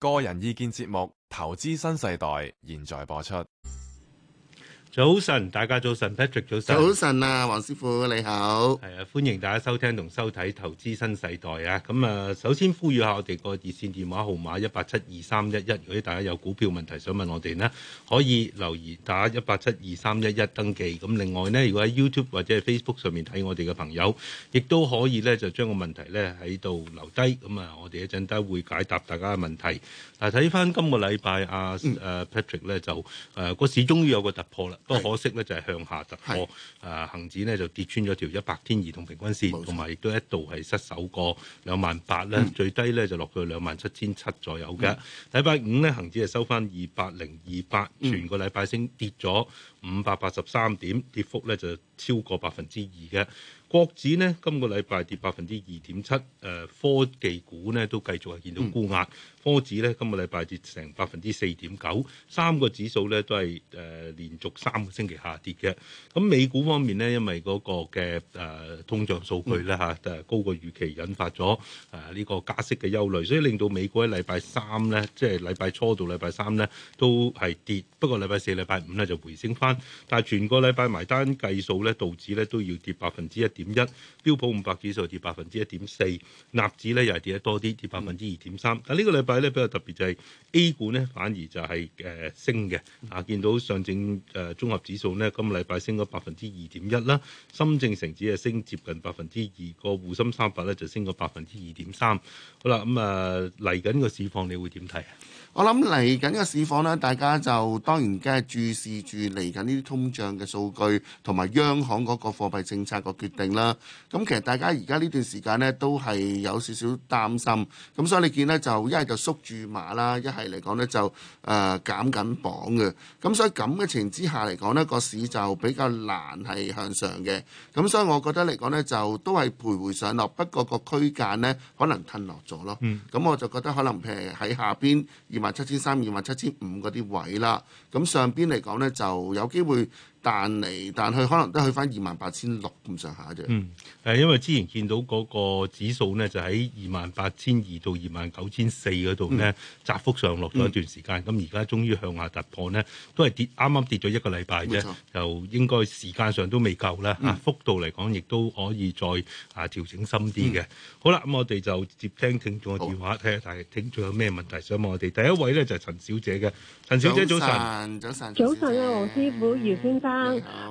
個人意見節目《投資新世代》現在播出。早晨，大家早晨，Patrick 早晨。早晨啊，黃師傅你好。係啊，歡迎大家收聽同收睇《投資新世代》啊！咁啊，首先呼籲下我哋個熱線電話號碼一八七二三一一，如果大家有股票問題想問我哋咧，可以留言打一八七二三一一登記。咁另外咧，如果喺 YouTube 或者係 Facebook 上面睇我哋嘅朋友，亦都可以咧，就將個問題咧喺度留低。咁啊，我哋一陣間會解答大家嘅問題。但睇翻今個禮拜啊誒、嗯啊、Patrick 咧就誒個、啊、市終於有個突破啦。多可惜咧，就係向下突破，誒恆是、啊、指呢，就跌穿咗條一百天移動平均線，同埋亦都一度係失守過兩萬八咧，最低咧就落到兩萬七千七左右嘅。禮拜、嗯、五呢，恒指係收翻二百零二八，全個禮拜升跌咗五百八十三點，跌幅咧就超過百分之二嘅。國指呢，今個禮拜跌百分之二點七，誒、呃、科技股呢，都繼續係見到沽壓。嗯科指咧今個禮拜跌成百分之四點九，三個指數咧都係誒、呃、連續三個星期下跌嘅。咁美股方面呢，因為嗰個嘅誒、呃、通脹數據咧嚇、啊、高過預期，引發咗誒呢個加息嘅憂慮，所以令到美股喺禮拜三咧，即係禮拜初到禮拜三咧都係跌。不過禮拜四、禮拜五咧就回升翻，但係全個禮拜埋單計數咧，道指咧都要跌百分之一點一，標普五百指數跌百分之一點四，納指咧又係跌得多啲，跌百分之二點三。啊，呢個禮拜。比較特別就係 A 股呢，反而就係誒升嘅，啊見到上證誒綜合指數呢，今個禮拜升咗百分之二點一啦，深證成指係升接近百分之二個，滬深三百咧就升咗百分之二點三。好啦，咁、嗯、啊嚟緊個市況你會點睇啊？我諗嚟緊個市況呢，大家就當然梗係注視住嚟緊呢啲通脹嘅數據同埋央行嗰個貨幣政策個決定啦。咁其實大家而家呢段時間呢，都係有少少擔心，咁所以你見呢，就一係就。縮住馬啦，一係嚟講呢就誒、呃、減緊磅嘅，咁所以咁嘅情之下嚟講呢個市就比較難係向上嘅，咁所以我覺得嚟講呢，就都係徘徊上落，不過個區間呢可能褪落咗咯，咁、嗯、我就覺得可能譬如喺下邊二萬七千三、二萬七千五嗰啲位啦，咁上邊嚟講呢，就有機會。彈嚟彈去可能都去翻二萬八千六咁上下啫。嗯，誒，因為之前見到嗰個指數呢，就喺二萬八千二到二萬九千四嗰度呢，窄幅上落咗一段時間。咁而家終於向下突破呢，都係跌，啱啱跌咗一個禮拜啫，就應該時間上都未夠啦。啊，幅度嚟講，亦都可以再啊調整深啲嘅。好啦，咁我哋就接聽聽眾嘅電話，睇下大家聽眾有咩問題想問我哋。第一位呢，就係陳小姐嘅，陳小姐早晨，早晨，早晨啊，黃師傅，.生 Hello.，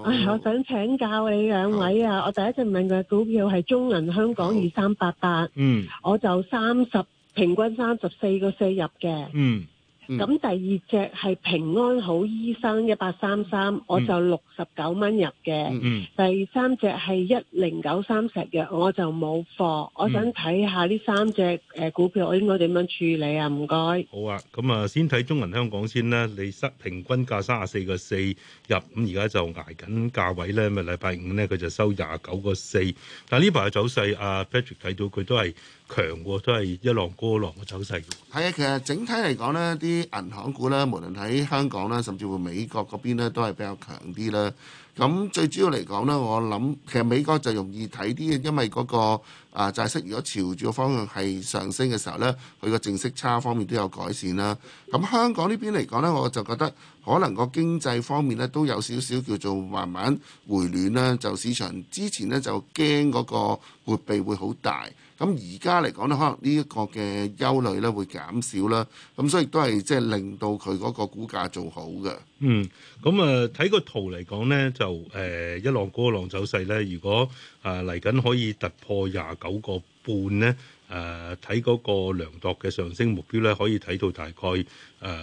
我想請教你兩位啊！Hello. 我第一次問佢股票係中銀香港二三八八，嗯，我就三十平均三十四個四入嘅，嗯。咁、嗯、第二隻係平安好醫生一八三三，我就六十九蚊入嘅。第、嗯、三隻係一零九三石藥，我就冇貨。我想睇下呢三隻誒股票，我應該點樣處理啊？唔該。好啊，咁啊，先睇中銀香港先啦。你三平均價三十四個四入，咁而家就挨緊價位咧。咪啊，禮拜五咧佢就收廿九個四。但係呢排嘅走勢，阿 Patrick 睇到佢都係。強喎，都係一浪過一浪嘅走勢嘅。係啊，其實整體嚟講呢啲銀行股呢，無論喺香港啦，甚至乎美國嗰邊咧，都係比較強啲啦。咁最主要嚟講呢，我諗其實美國就容易睇啲，因為嗰、那個啊債息、就是、如果朝住個方向係上升嘅時候呢，佢個淨息差方面都有改善啦。咁香港呢邊嚟講呢，我就覺得可能個經濟方面呢，都有少少叫做慢慢回暖啦。就市場之前呢，就驚嗰個活幣會好大。咁而家嚟講咧，可能呢一個嘅憂慮咧會減少啦。咁所以都係即係令到佢嗰個股價做好嘅、嗯。嗯，咁啊睇個圖嚟講咧，就誒、呃、一浪高一浪走勢咧。如果啊嚟緊可以突破廿九、呃、個半咧，誒睇嗰個量度嘅上升目標咧，可以睇到大概誒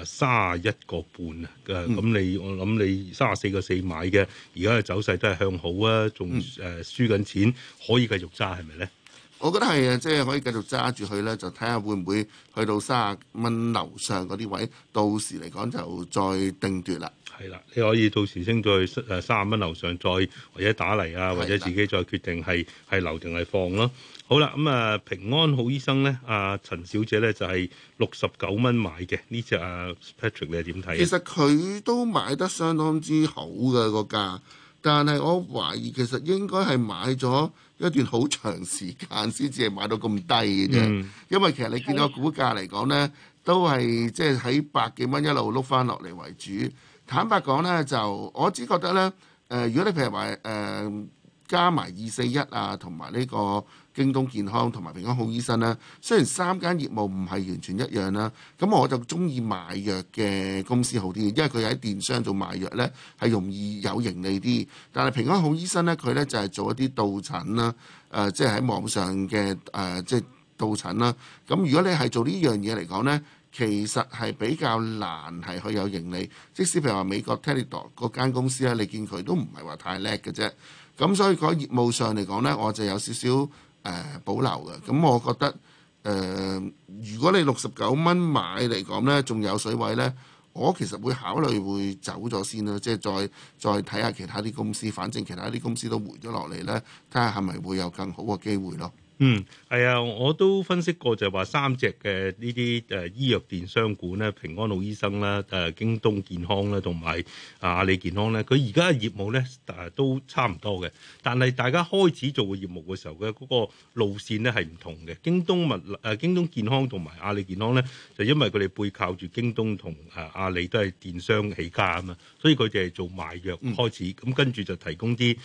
卅一個半啊。咁、呃嗯嗯、你我諗你卅四個四買嘅，而家嘅走勢都係向好啊，仲誒輸緊、嗯呃、錢可以繼續揸係咪咧？我覺得係啊，即、就、係、是、可以繼續揸住佢咧，就睇下會唔會去到卅蚊樓上嗰啲位，到時嚟講就再定奪啦。係啦，你可以到時先再誒卅蚊樓上再或者打嚟啊，或者自己再決定係係的留定係放咯。好啦，咁、嗯、啊平安好醫生咧，阿、啊、陳小姐咧就係六十九蚊買嘅呢隻阿 Patrick，你係點睇？其實佢都買得相當之好嘅、個價，但係我懷疑其實應該係買咗。一段好長時間先至係買到咁低嘅啫，嗯、因為其實你見到股價嚟講呢，的都係即係喺百幾蚊一路碌翻落嚟為主。坦白講呢，就我只覺得呢，誒、呃，如果你譬如話誒、呃，加埋二四一啊，同埋呢個。京東健康同埋平安好醫生啦，雖然三間業務唔係完全一樣啦，咁我就中意賣藥嘅公司好啲，因為佢喺電商做賣藥呢，係容易有盈利啲。但係平安好醫生呢，佢呢就係、是、做一啲導診啦，誒、呃，即係喺網上嘅誒，即係導診啦。咁如果你係做呢樣嘢嚟講呢，其實係比較難係去有盈利。即使譬如話美國 Teladoc 嗰間公司咧，你見佢都唔係話太叻嘅啫。咁所以講業務上嚟講呢，我就有少少。誒、呃、保留嘅，咁我覺得誒、呃，如果你六十九蚊買嚟講呢，仲有水位呢，我其實會考慮會走咗先啦，即係再再睇下其他啲公司，反正其他啲公司都回咗落嚟呢，睇下係咪會有更好嘅機會咯。嗯。係啊，我都分析過，就係話三隻嘅呢啲誒醫藥電商股咧，平安好醫生啦、誒京東健康啦，同埋啊阿里健康咧，佢而家嘅業務咧誒都差唔多嘅。但係大家開始做嘅業務嘅時候嘅、嗰個路線咧係唔同嘅。京東物誒京東健康同埋阿里健康咧，就因為佢哋背靠住京東同誒阿里都係電商起家啊嘛，所以佢哋係做賣藥開始，咁、嗯、跟住就提供啲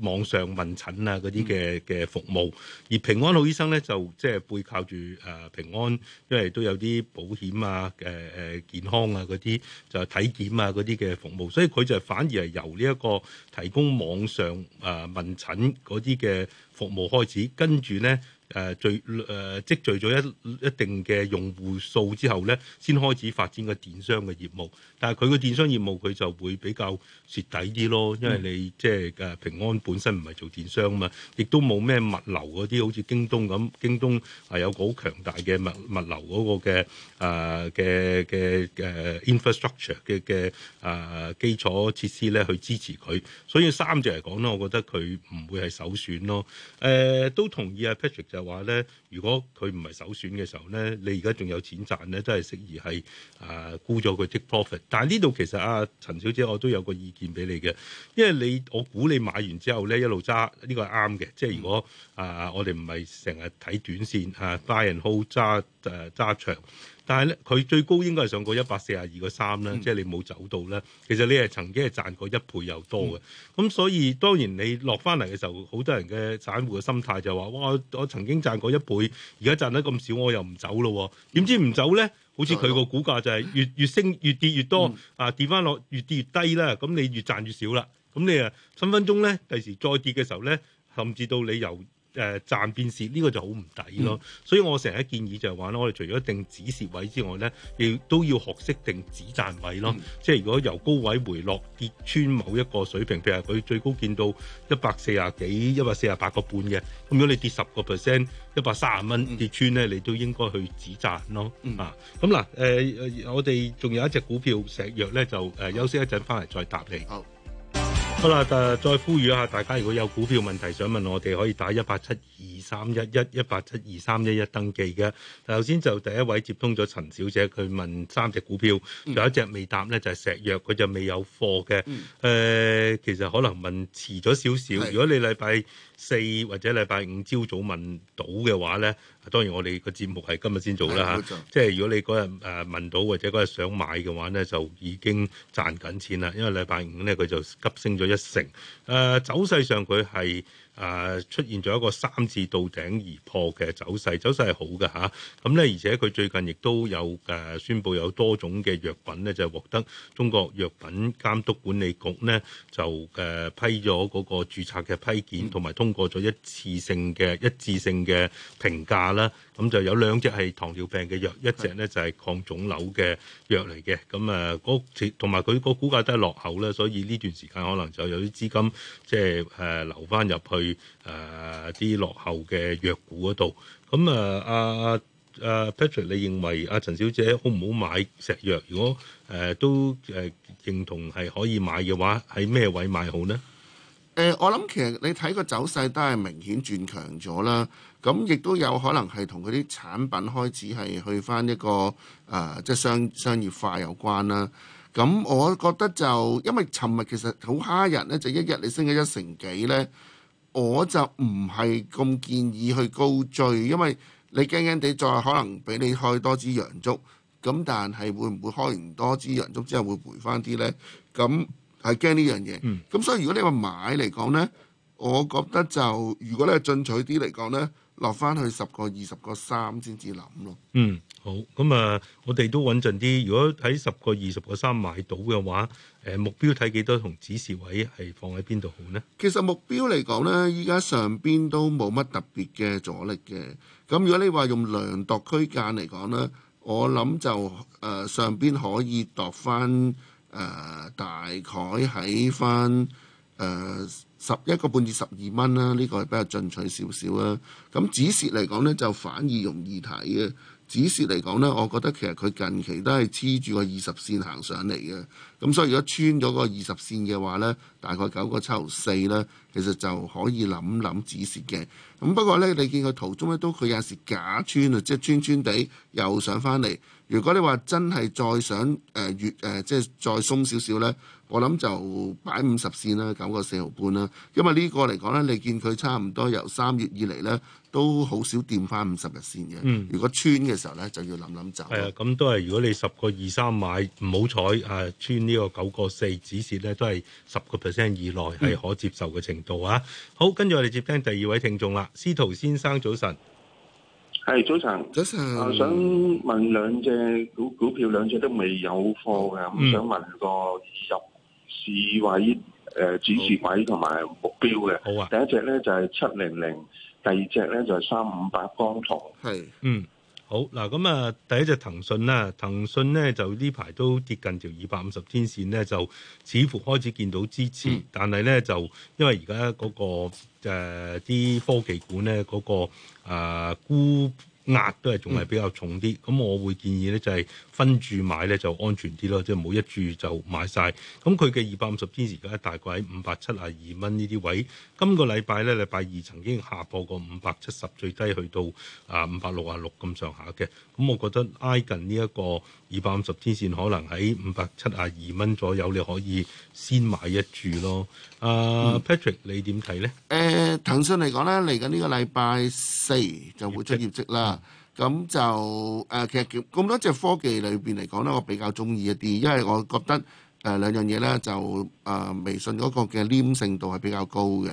網上問診啊啲嘅嘅服務，而平安好醫生。生咧就即係背靠住誒平安，因為都有啲保險啊、誒、呃、誒健康啊嗰啲，就體檢啊嗰啲嘅服務。所以佢就反而係由呢一個提供網上誒、呃、問診嗰啲嘅服務開始，跟住咧。誒、啊、最誒、啊、積聚咗一一定嘅用戶數之後咧，先開始發展個電商嘅業務。但係佢嘅電商業務佢就會比較蝕底啲咯，因為你即係誒平安本身唔係做電商啊嘛，亦都冇咩物流嗰啲，好似京東咁。京東係有個好強大嘅物物流嗰個嘅誒嘅嘅誒 infrastructure 嘅嘅誒基礎設施咧去支持佢。所以三隻嚟講咧，我覺得佢唔會係首選咯。誒、啊、都同意阿、啊、Patrick 就，話咧，如果佢唔係首選嘅時候咧，你而家仲有錢賺咧，都係適宜係啊沽咗佢 take profit。但係呢度其實啊，陳小姐我都有個意見俾你嘅，因為你我估你買完之後咧，一路揸呢個係啱嘅，即係如果啊我哋唔係成日睇短線啊，buy and hold 揸誒揸長。但係咧，佢最高應該係上過一百四十二個三啦，即係你冇走到啦。其實你係曾經係賺過一倍又多嘅，咁、嗯、所以當然你落翻嚟嘅時候，好多人嘅散戶嘅心態就話，哇，我曾經賺過一倍，而家賺得咁少，我又唔走咯、哦。點知唔走咧？好似佢個股價就係越越升越跌越多，嗯、啊跌翻落越，越跌越低啦。咁你越賺越少啦。咁你啊分分鐘咧，第時再跌嘅時候咧，甚至到你由誒、呃、賺變蝕呢個就好唔抵咯，嗯、所以我成日建議就係話咯，我哋除咗定止蝕位之外咧，亦都要學識定止賺位咯。嗯、即係如果由高位回落跌穿某一個水平，譬如佢最高見到一百四十幾、一百四十八個半嘅，咁樣你跌十個 percent，一百三十蚊跌穿咧，嗯、你都應該去止賺咯。嗯、啊，咁、嗯、嗱，誒、呃、我哋仲有一隻股票石藥咧，就誒、呃、休息一陣翻嚟再答你。好啦，誒，再呼籲一下大家，如果有股票問題想問我哋，可以打一八七二三一一一八七二三一一登記嘅。頭先就第一位接通咗陳小姐，佢問三隻股票，仲、嗯、有一隻未答呢，就係、是、石藥，佢就未有貨嘅。誒、嗯呃，其實可能問遲咗少少，是如果你禮拜四或者禮拜五朝早問到嘅話呢，當然我哋個節目係今日先做啦嚇，即係如果你嗰日誒問到或者嗰日想買嘅話呢，就已經賺緊錢啦，因為禮拜五呢，佢就急升咗一成，誒、呃、走勢上佢係。誒出現咗一個三次到頂而破嘅走勢，走勢係好嘅嚇。咁、啊、咧，而且佢最近亦都有誒、啊、宣布有多種嘅藥品咧，就是、獲得中國藥品監督管理局咧就誒、啊、批咗嗰個註冊嘅批件，同埋通過咗一次性嘅一致性嘅評價啦。咁就有兩隻係糖尿病嘅藥，一隻咧就係抗腫瘤嘅藥嚟嘅。咁誒嗰同埋佢個股價都係落後咧，所以呢段時間可能就有啲資金即係誒流翻入去。誒，啲、呃、落後嘅藥股嗰度咁啊。阿、啊、阿 Patrick，你認為阿、啊、陳小姐好唔好買石藥？如果誒、呃、都誒、呃、認同係可以買嘅話，喺咩位買好呢？誒、呃，我諗其實你睇個走勢都係明顯轉強咗啦。咁亦都有可能係同佢啲產品開始係去返一個誒，即、呃、係、就是、商商業化有關啦。咁我覺得就因為尋日其實好蝦人咧，就一日你升咗一成幾咧。我就唔係咁建議去高追，因為你驚驚地再可能俾你開多支洋燭，咁但係會唔會開完多支洋燭之後會回翻啲呢？咁係驚呢樣嘢。咁、嗯、所以如果你話買嚟講呢，我覺得就如果你係進取啲嚟講呢，落翻去十個二十個三先至諗咯。嗯。好咁啊！我哋都穩陣啲。如果喺十個、二十個、三買到嘅話，誒目標睇幾多同指示位係放喺邊度好呢？其實目標嚟講呢，依家上邊都冇乜特別嘅阻力嘅。咁如果你話用量度區間嚟講呢，我諗就誒、呃、上邊可以度翻誒、呃、大概喺翻誒十一個半至十二蚊啦。呢個係比較進取少少啦。咁指示嚟講呢，就反而容易睇嘅。指涉嚟講呢，我覺得其實佢近期都係黐住個二十線行上嚟嘅，咁所以如果穿咗個二十線嘅話呢，大概九個七毫四呢，其實就可以諗諗指涉嘅。咁不過呢，你見佢途中呢，都佢有時假穿啊，即係穿穿地又上翻嚟。如果你話真係再想誒越誒、呃、即係再鬆少少呢，我諗就擺五十線啦，九個四毫半啦。因為呢個嚟講呢，你見佢差唔多由三月以嚟呢，都好少掂翻五十日線嘅。嗯，如果穿嘅時候咧，就要諗諗走。係啊，咁都係。如果你十個二三買唔好彩，係、啊、穿個個 4, 呢個九個四止蝕咧，都係十個 percent 以內係可接受嘅程度啊。嗯、好，跟住我哋接聽第二位聽眾啦，司徒先生早晨。係早晨，早晨。我、呃、想問兩隻股股票，兩隻都未有貨嘅，咁、嗯、想問個入市位、誒、呃、止蝕位同埋目標嘅。嗯嗯、好啊。第一隻咧就係七零零。第二隻咧就係三五八光頭，係是嗯好嗱咁啊第一隻騰訊啦，騰訊咧就呢排都跌近條二百五十天線咧，就似乎開始見到支持，嗯、但係咧就因為而家嗰個誒啲、呃、科技股咧嗰、嗰個啊沽。呃沽壓都係仲係比較重啲，咁我會建議咧就係分注買咧就安全啲咯，即係唔好一注就買晒。咁佢嘅二百五十天線而家大概喺五百七啊二蚊呢啲位。今個禮拜咧，禮拜二曾經下破過五百七十，最低去到啊五百六啊六咁上下嘅。咁我覺得挨近呢一個二百五十天線，可能喺五百七啊二蚊左右，你可以先買一注咯。阿、呃嗯、Patrick 你點睇咧？誒、呃，騰訊嚟講咧，嚟緊呢個禮拜四就會出業績啦。咁就誒、呃，其實咁多隻科技裏邊嚟講咧，我比較中意一啲，因為我覺得誒、呃、兩樣嘢咧就誒、呃、微信嗰個嘅黏性度係比較高嘅。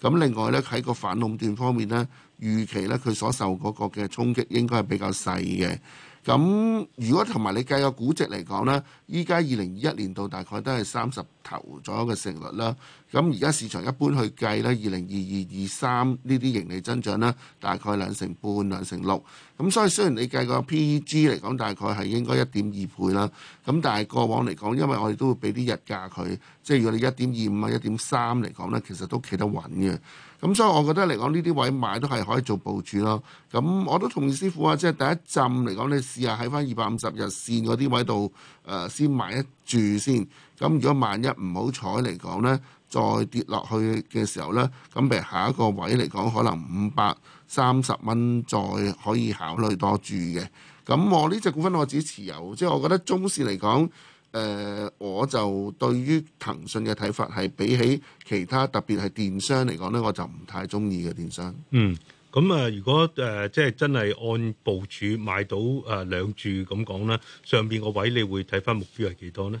咁另外咧喺個反壟斷方面咧，預期咧佢所受嗰個嘅衝擊應該係比較細嘅。咁如果同埋你計個估值嚟講咧，依家二零二一年度大概都係三十頭左右嘅成率啦。咁而家市場一般去計呢，二零二二二三呢啲盈利增長呢，大概兩成半兩成六。咁所以雖然你計個 PEG 嚟講，大概係應該一點二倍啦。咁但係過往嚟講，因為我哋都會俾啲日價佢，即係如果你一點二五啊、一點三嚟講呢，其實都企得穩嘅。咁所以我覺得嚟講呢啲位買都係可以做部署咯。咁我都同意師傅啊，即係第一浸嚟講，你試下喺翻二百五十日線嗰啲位度誒先買一注先。咁如果萬一唔好彩嚟講呢，再跌落去嘅時候呢，咁譬如下一個位嚟講，可能五百三十蚊再可以考慮多注嘅。咁我呢隻股份我自己持有，即係我覺得中線嚟講，誒、呃、我就對於騰訊嘅睇法係比起其他特別係電商嚟講呢，我就唔太中意嘅電商。嗯，咁啊，如果誒、呃、即係真係按部署買到誒、呃、兩注咁講咧，上邊個位你會睇返目標係幾多呢？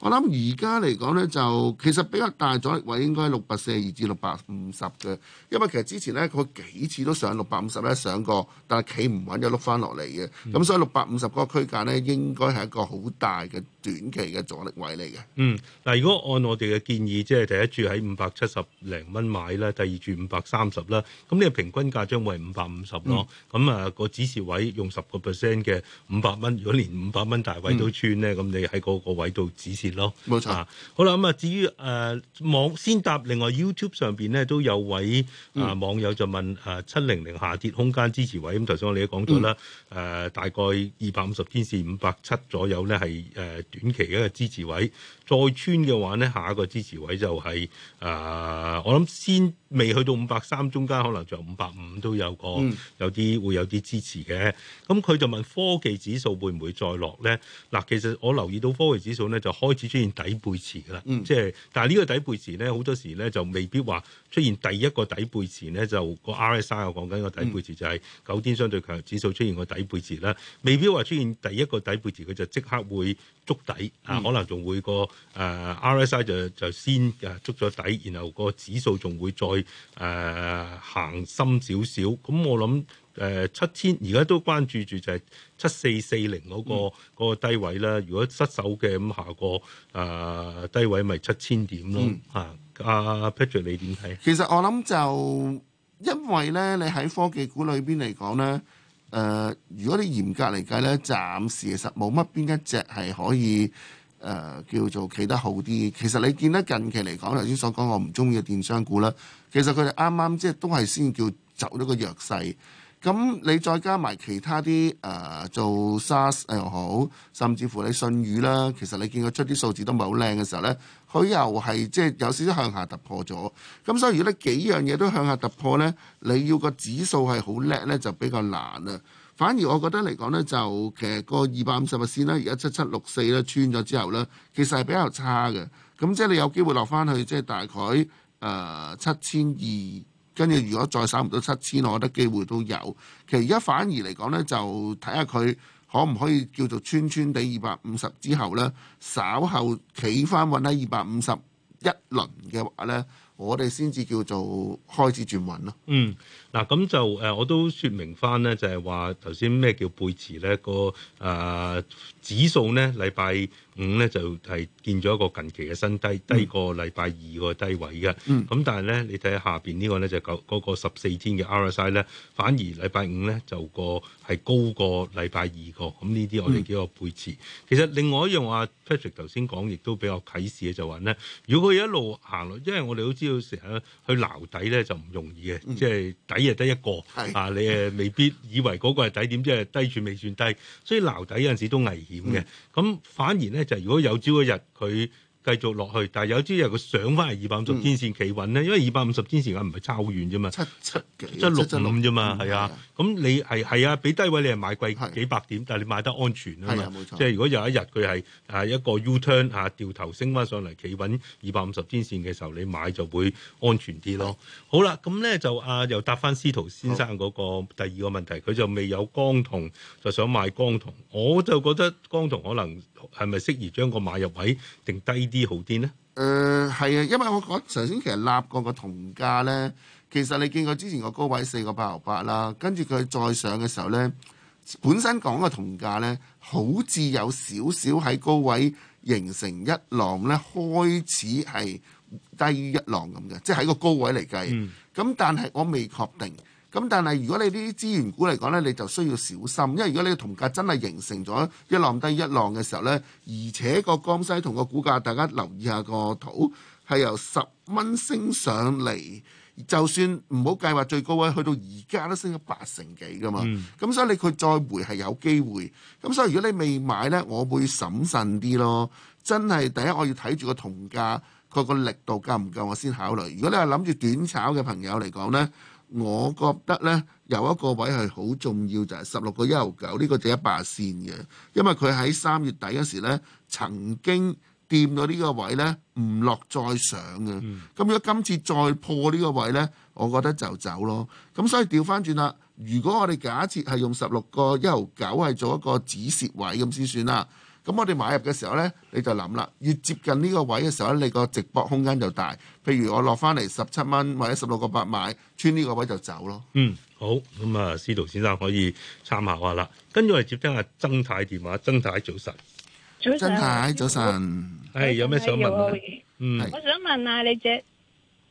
我諗而家嚟講咧，就其實比較大阻力位應該係六百四十二至六百五十嘅，因為其實之前咧，佢幾次都上六百五十咧上過，但係企唔穩就碌翻落嚟嘅，咁、嗯、所以六百五十嗰個區間咧，應該係一個好大嘅。短期嘅阻力位嚟嘅，嗯，嗱，如果按我哋嘅建議，即係第一注喺五百七十零蚊買啦，第二注五百三十啦，咁你平均價將會五百五十咯。咁啊，個指示位用十個 percent 嘅五百蚊，如果連五百蚊大位都穿咧，咁、嗯、你喺嗰個位度指示咯。冇錯、啊。好啦，咁啊，至於誒、呃、網先答另外 YouTube 上邊咧都有位啊，網友就問誒七零零下跌空間支持位，咁頭先我哋都講咗啦，誒、嗯啊、大概二百五十天線五百七左右咧係誒。呃短期嘅一個支持位。再穿嘅話呢，下一個支持位就係、是、誒、呃，我諗先未去到五百三中間，可能就五百五都有個、嗯、有啲會有啲支持嘅。咁佢就問科技指數會唔會再落呢？嗱，其實我留意到科技指數呢，就開始出現底背馳㗎喇，即係、嗯就是、但係呢個底背馳呢，好多時呢就未必話出現第一個底背馳呢就、那個 RSI 我講緊個底背馳就係、是嗯、九天相對強指數出現個底背馳啦，未必話出現第一個底背馳佢就即刻會築底啊，可能仲會個。誒、uh,，RSI 就就先誒、uh, 捉咗底，然後個指數仲會再誒、uh, 行深少少。咁我諗誒七千而家都關注住就係七四四零嗰個嗰個低位啦。如果失手嘅咁下個誒、uh, 低位咪七千點咯嚇。阿、嗯 uh, Patrick 你點睇？其實我諗就因為咧，你喺科技股裏邊嚟講咧，誒、呃，如果你嚴格嚟計咧，暫時其實冇乜邊一隻係可以。誒、呃、叫做企得好啲，其實你見得近期嚟講，頭先所講我唔中意嘅電商股啦，其實佢哋啱啱即係都係先叫走咗個弱勢，咁你再加埋其他啲誒、呃、做 SaaS 又、哎、好，甚至乎你信譽啦，其實你見佢出啲數字都唔係好靚嘅時候咧，佢又係即係有少少向下突破咗，咁所以如果你幾樣嘢都向下突破咧，你要個指數係好叻咧，就比較難啦。反而我覺得嚟講呢，就其實個二百五十日線呢，而家七七六四呢穿咗之後呢，其實係比較差嘅。咁即係你有機會落翻去，即係大概誒七千二，跟住如果再守唔到七千，我覺得機會都有。其實而家反而嚟講呢，就睇下佢可唔可以叫做穿穿地二百五十之後呢，稍後企翻穩喺二百五十一輪嘅話呢，我哋先至叫做開始轉穩咯。嗯。嗱咁，啊、就誒、呃，我都說明翻咧，就係話頭先咩叫背馳咧，個誒、呃、指數咧，禮拜五咧就係、是、見咗一個近期嘅新低，低過禮拜二個低位嘅。咁、嗯、但係咧，你睇下下邊呢、就是、個咧就九嗰個十四天嘅 RSI 咧，反而禮拜五咧就個係高過禮拜二個。咁呢啲我哋叫做背馳。嗯、其實另外一樣阿、啊、Patrick 頭先講亦都比較啟示嘅就話咧，如果佢一路行落，因為我哋都知道成日去撈底咧就唔容易嘅，即係、嗯、底又得一個是啊，你誒未必以為嗰個係底，點即係低處未算低，所以撈底有陣時都危險嘅。咁、嗯、反而咧。就如果有朝一日佢繼續落去，但係有朝一日佢上翻嚟二百五十天線企穩咧，因為二百五十天線佢唔係差好遠啫嘛，七七七六五啫嘛，係啊。咁你係係啊，俾低位你係買貴幾百點，但係你買得安全啊嘛。冇錯。即係如果有一日佢係啊一個 U turn 啊掉頭升翻上嚟企穩二百五十天線嘅時候，你買就會安全啲咯。好啦，咁咧就啊又答翻司徒先生嗰個第二個問題，佢就未有光銅，就想買光銅。我就覺得光銅可能。係咪適宜將個買入位定低啲好啲呢？誒係啊，因為我講頭先其實立過個銅價呢。其實你見過之前個高位四個八毫八啦，跟住佢再上嘅時候呢，本身講個銅價呢，好似有少少喺高位形成一浪呢，開始係低於一浪咁嘅，即係喺個高位嚟計。咁、嗯、但係我未確定。咁但係如果你呢啲資源股嚟講呢，你就需要小心，因為如果你嘅銅價真係形成咗一浪低一浪嘅時候呢，而且個江西銅個股價，大家留意下個圖係由十蚊升上嚟，就算唔好計劃最高位，去到而家都升咗八成幾㗎嘛。咁、嗯、所以你佢再回係有機會。咁所以如果你未買呢，我會審慎啲咯。真係第一我要睇住個銅價佢個力度夠唔夠，我先考慮。如果你係諗住短炒嘅朋友嚟講呢。我覺得呢有一個位係好重要，就係十六個一毫九呢個第一把線嘅，因為佢喺三月底嗰時曾經掂到呢個位呢，唔落再上嘅，咁、嗯、如果今次再破呢個位呢，我覺得就走咯。咁所以調翻轉啦，如果我哋假設係用十六個一毫九係做一個止蝕位咁先算啦。咁我哋買入嘅時候咧，你就諗啦，越接近呢個位嘅時候咧，你個值搏空間就大。譬如我落翻嚟十七蚊或者十六個八買，穿呢個位就走咯。嗯，好，咁、嗯、啊，司徒先生可以參考下啦。跟住我哋接聽下曾太電話，曾太早晨，曾太早晨，係、哎、有咩想問？嗯、啊，我想問下、啊嗯、是你隻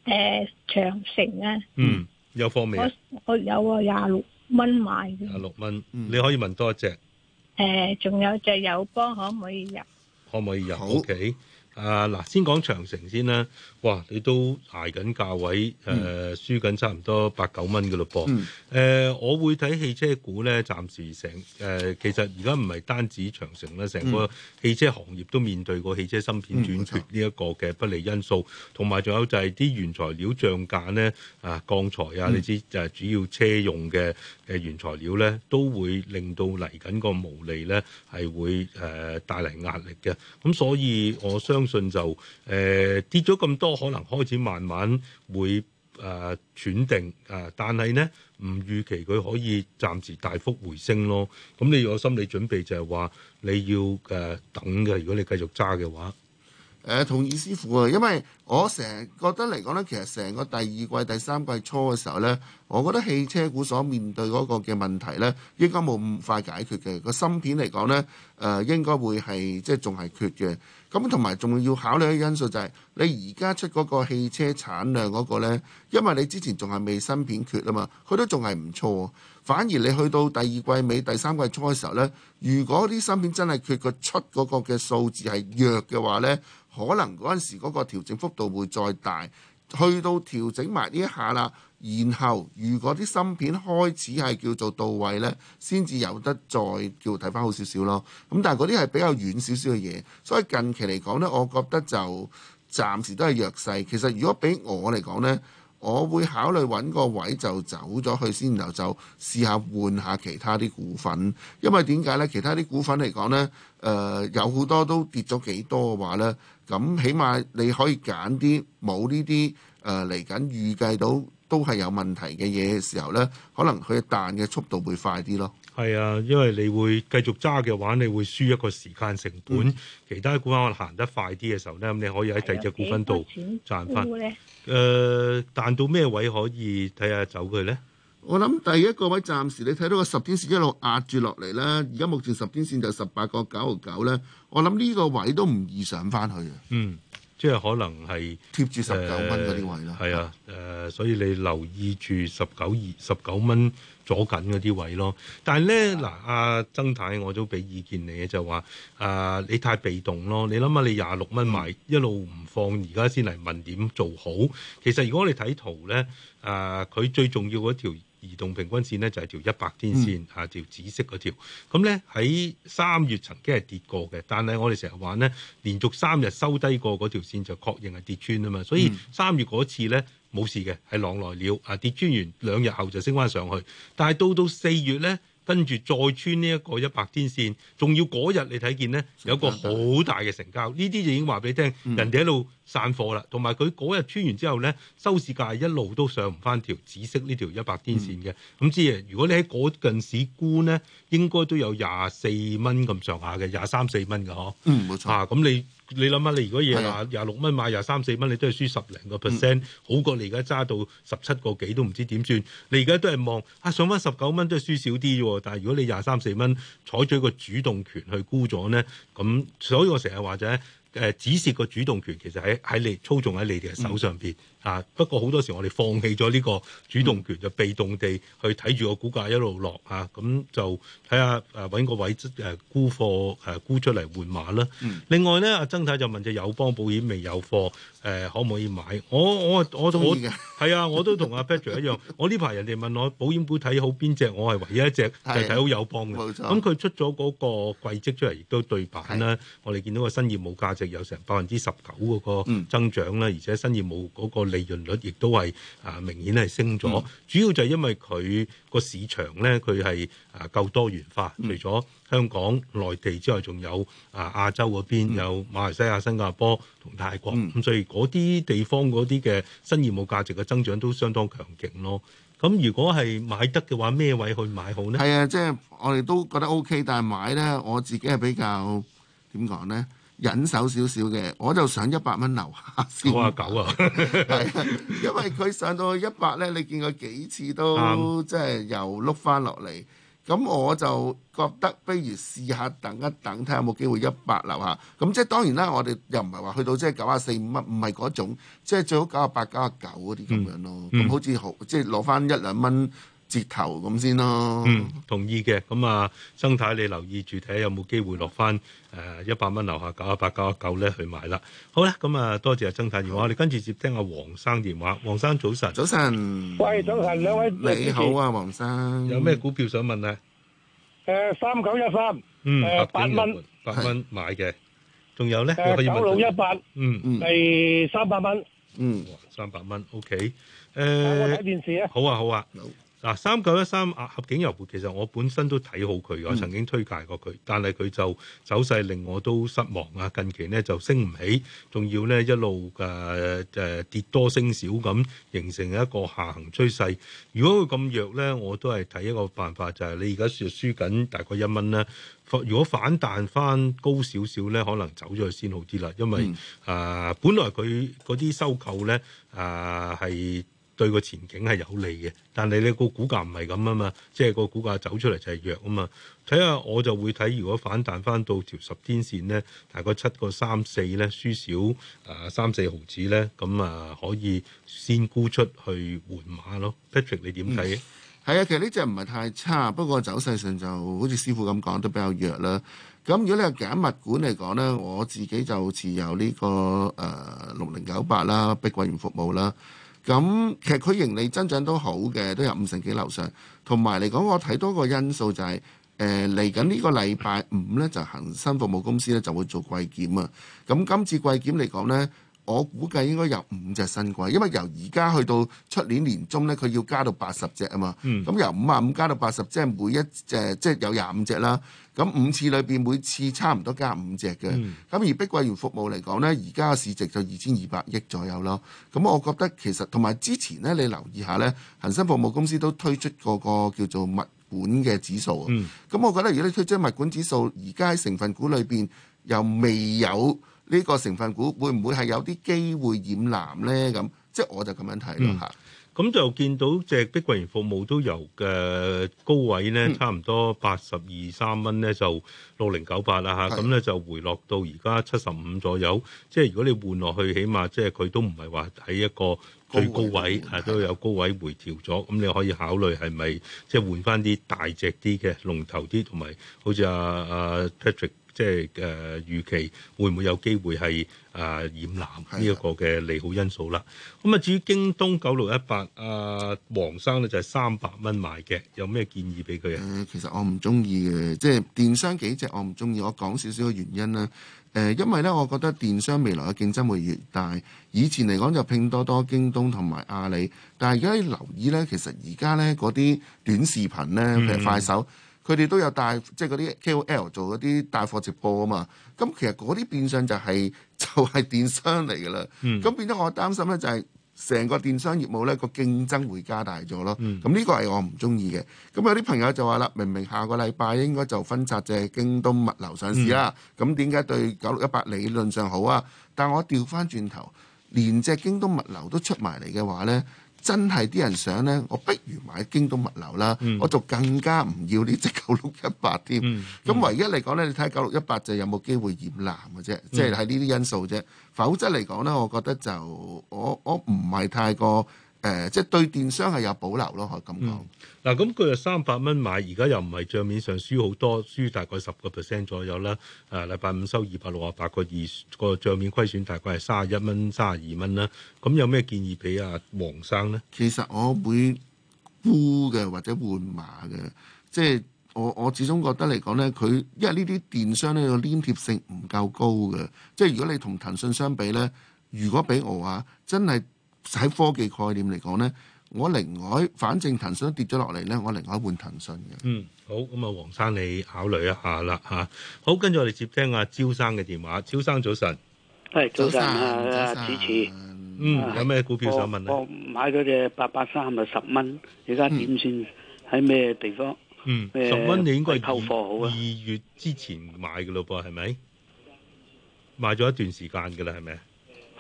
誒長城啊，嗯，有貨未？我，我有啊，廿六蚊買，廿六蚊，你可以問多一隻。誒，仲有就友邦可唔可以入？可唔可以入？好，okay。啊嗱，先講長城先啦。哇！你都挨緊價位，誒、呃，輸緊差唔多八九蚊㗎喇噃。誒、嗯呃，我會睇汽車股咧，暫時成誒、呃，其實而家唔係單止長城啦，成個汽車行業都面對過汽車芯片短缺呢一個嘅不利因素，同埋仲有就係啲原材料漲價咧，啊，鋼材啊，嗯、你知誒，主要車用嘅嘅原材料咧，都會令到嚟緊個毛利咧係會誒、呃、帶嚟壓力嘅。咁所以我相信就誒、呃、跌咗咁多。都可能開始慢慢會誒、呃、轉定誒、呃，但係呢，唔預期佢可以暫時大幅回升咯。咁、嗯、你有心理準備就係話你要誒、呃、等嘅。如果你繼續揸嘅話，誒、呃、同意師傅啊，因為我成日覺得嚟講呢，其實成個第二季、第三季初嘅時候呢，我覺得汽車股所面對嗰個嘅問題呢，應該冇咁快解決嘅。個芯片嚟講呢，誒、呃、應該會係，即係仲係缺嘅。咁同埋仲要考慮嘅因素就係、是，你而家出嗰個汽車產量嗰個咧，因為你之前仲係未芯片缺啊嘛，佢都仲係唔錯、啊。反而你去到第二季尾、第三季初嘅時候呢，如果啲芯片真係缺，個出嗰個嘅數字係弱嘅話呢，可能嗰陣時嗰個調整幅度會再大，去到調整埋呢一下啦。然後，如果啲芯片開始係叫做到位呢，先至有得再叫睇翻好少少咯。咁但係嗰啲係比較遠少少嘅嘢，所以近期嚟講呢，我覺得就暫時都係弱勢。其實如果俾我嚟講呢，我會考慮揾個位就走咗去先，然後就試下換下其他啲股份，因為點解呢？其他啲股份嚟講呢，誒、呃、有好多都跌咗幾多嘅話呢，咁起碼你可以揀啲冇呢啲誒嚟緊預計到都係有問題嘅嘢嘅時候呢，可能佢彈嘅速度會快啲咯。係啊，因為你會繼續揸嘅話，你會輸一個時間成本。嗯、其他股份我行得快啲嘅時候呢，咁你可以喺第二隻股份度賺翻。誒、呃，彈到咩位可以睇下走佢呢？我諗第一個位暫時你睇到個十天線一路壓住落嚟呢。而家目前十天線就十八個九毫九呢，我諗呢個位都唔易上翻去嘅。嗯。即係可能係貼住十九蚊嗰啲位咯，係啊、呃，誒的、呃，所以你留意住十九二十九蚊左近嗰啲位咯。但係咧嗱，阿的、啊、曾太，我都俾意見你嘅，就話誒、呃，你太被動咯。你諗下，你廿六蚊買，嗯、一路唔放，而家先嚟問點做好。其實如果你睇圖咧，誒、呃，佢最重要嗰條移動平均線呢，就係條一百天線，嗯、啊條紫色嗰條，咁呢，喺三月曾經係跌過嘅，但係我哋成日話呢，連續三日收低過嗰條線就確認係跌穿啊嘛，所以三月嗰次呢，冇事嘅，係浪來了啊跌穿完兩日後就升返上去，但係到到四月呢。跟住再穿呢一個一百天線，仲要嗰日你睇見呢，有一個好大嘅成交，呢啲就已經話俾你聽，嗯、人哋喺度散貨啦。同埋佢嗰日穿完之後呢，收市價一路都上唔翻條紫色呢條一百天線嘅。咁即係，如果你喺嗰陣時沽呢，應該都有廿四蚊咁上下嘅，廿三四蚊㗎呵。嗯，冇錯。啊，咁你。你諗下，你如果嘢話廿六蚊買廿三四蚊，你都係輸十零個 percent，好過你而家揸到十七個幾都唔知點算。你而家都係望啊，上返十九蚊都係輸少啲喎。但係如果你廿三四蚊採取個主動權去沽咗咧，咁所以我成日話就係。誒只是個主動權其實喺喺你操縱喺你哋嘅手上邊嚇，不過好多時我哋放棄咗呢個主動權，就被動地去睇住個股價一路落嚇，咁就睇下誒揾個位誒沽貨誒沽出嚟換馬啦。另外咧，阿曾太就問就友邦保險未有貨誒，可唔可以買？我我我我都係啊，我都同阿 Patrick 一樣，我呢排人哋問我保險股睇好邊隻，我係唯一一隻就睇好友邦嘅。咁佢出咗嗰個季績出嚟亦都對版啦，我哋見到個新業務價值。有成百分之十九嗰個增長啦。嗯、而且新業務嗰個利潤率亦都係啊、呃、明顯係升咗。嗯、主要就係因為佢個市場咧，佢係啊夠多元化，嗯、除咗香港、內地之外，仲有啊亞洲嗰邊、嗯、有馬來西亞、新加坡同泰國。咁、嗯、所以嗰啲地方嗰啲嘅新業務價值嘅增長都相當強勁咯。咁如果係買得嘅話，咩位去買好呢？係啊，即、就、係、是、我哋都覺得 OK，但係買咧，我自己係比較點講呢。忍手少少嘅，我就想一百蚊留下先。九啊九 啊，係啊，因為佢上到一百呢，你見過幾次都、嗯、即係又碌翻落嚟。咁我就覺得，不如試下等一等，睇下有冇機會一百留下。咁即係當然啦，我哋又唔係話去到即係九啊四五蚊，唔係嗰種，即係最好九啊八、九啊九嗰啲咁樣咯。咁、嗯嗯、好似好，即係攞翻一兩蚊折頭咁先咯。嗯，同意嘅。咁啊，曾太，你留意住睇下有冇機會落翻誒一百蚊樓下九一八九一九咧去買啦。好啦，咁啊，多謝阿曾太電話。我哋跟住接聽阿黃生電話。黃生早晨。早晨。喂，早晨，兩位。你好啊，黃生。有咩股票想問啊？誒，三九一三。嗯。誒，八蚊。八蚊買嘅。仲有咧？誒，九六一八。嗯嗯。係三百蚊。嗯。三百蚊，OK。誒。我睇電視啊。好啊，好啊。嗱，三九一三啊，13，合景悠活，其實我本身都睇好佢，我曾經推介過佢，但係佢就走勢令我都失望啊！近期呢就升唔起，仲要呢一路嘅誒、啊啊、跌多升少咁，形成一個下行趨勢。如果佢咁弱呢，我都係睇一個辦法，就係、是、你而家輸緊大概一蚊啦。如果反彈翻高少少呢，可能走咗先好啲啦。因為啊，本來佢嗰啲收購呢啊係對個前景係有利嘅，但係你個股價唔係咁啊嘛，即係個股價走出嚟就係弱啊嘛。睇下我就會睇，如果反彈翻到條十天線呢，大概七個三四呢，輸少啊三四毫子呢，咁、嗯、啊可以先沽出去換馬咯。Patrick，你點睇？係、嗯、啊，其實呢隻唔係太差，不過走勢上就好似師傅咁講，都比較弱啦。咁如果你係揀物管嚟講呢，我自己就持有呢、這個誒六零九八啦、碧桂園服務啦。咁其實佢盈利增長都好嘅，都有五成幾樓上。同埋嚟講，我睇多個因素就係，誒嚟緊呢個禮拜五咧，就恒生服務公司咧就會做季檢啊。咁今次季檢嚟講咧。我估計應該有五隻新貴，因為由而家去到出年年中呢，佢要加到八十隻啊嘛。咁、嗯、由五啊五加到八十，即係每一隻即係有廿五隻啦。咁五次裏邊每次差唔多加五隻嘅。咁、嗯、而碧桂園服務嚟講呢，而家嘅市值就二千二百億左右咯。咁我覺得其實同埋之前呢，你留意下呢，恒生服務公司都推出過個叫做物管嘅指數。咁、嗯、我覺得如果你推出物管指數，而家喺成分股裏邊又未有。呢個成分股會唔會係有啲機會染藍咧？咁即係我就咁樣睇啦吓。咁、嗯嗯、就見到隻碧桂園服務都由嘅高位咧，嗯、差唔多八十二三蚊咧，就六零九八啦吓。咁咧是就回落到而家七十五左右。即、就、係、是、如果你換落去，起碼即係佢都唔係話喺一個最高位，係的都有高位回調咗。咁你可以考慮係咪即係換返啲大隻啲嘅龍頭啲，同埋好似阿阿 Patrick 即係誒、呃、預期會唔會有機會係誒、呃、染藍呢一個嘅利好因素啦？咁啊的，至於京東九六一八，阿黃生呢，就係三百蚊買嘅，有咩建議俾佢啊？其實我唔中意嘅，即係電商幾隻我唔中意，我講少少嘅原因啦。誒、呃，因為呢，我覺得電商未來嘅競爭會越大。以前嚟講就拼多多、京東同埋阿里，但係而家你留意呢，其實而家呢嗰啲短視頻呢，譬如快手。嗯佢哋都有帶即係嗰啲 KOL 做嗰啲帶貨直播啊嘛，咁其實嗰啲變相就係就係電商嚟㗎啦，咁、嗯、變咗我擔心咧就係成個電商業務咧個競爭會加大咗咯，咁呢、嗯、個係我唔中意嘅。咁有啲朋友就話啦，明明下個禮拜應該就分拆隻京東物流上市啦，咁點解對九六一八理論上好啊？但我調翻轉頭，連隻京東物流都出埋嚟嘅話咧。真係啲人想呢，我不如買京東物流啦，嗯、我就更加唔要呢隻九六一八添。咁、嗯嗯、唯一嚟講呢，你睇九六一八就有冇機會染藍嘅啫，即係喺呢啲因素啫。否則嚟講呢，我覺得就我我唔係太過。誒、呃，即係對電商係有保留咯，可咁講。嗱，咁佢係三百蚊買，而家又唔係帳面上輸好多，輸大概十個 percent 左右啦。誒、呃，禮拜五收二百六啊，大概二個帳面虧損，大概係三十一蚊、三十二蚊啦。咁有咩建議俾阿黃生咧？其實我會估嘅，或者換碼嘅。即係我我始終覺得嚟講咧，佢因為呢啲電商咧個粘貼性唔夠高嘅。即係如果你同騰訊相比咧，如果俾我話，真係。喺科技概念嚟講咧，我另外反正騰訊都跌咗落嚟咧，我另外換騰訊嘅。嗯，好，咁啊，黃生你考慮一下啦，嚇、啊。好，跟住我哋接聽阿招生嘅電話。招生早晨，早晨，早晨。啊、嗯，有咩股票想問咧？我買咗隻八百三啊十蚊，而家點算？喺咩、嗯、地方？十蚊、嗯、你應該係二月之前買嘅咯噃，係咪？買咗一段時間嘅啦，係咪？係、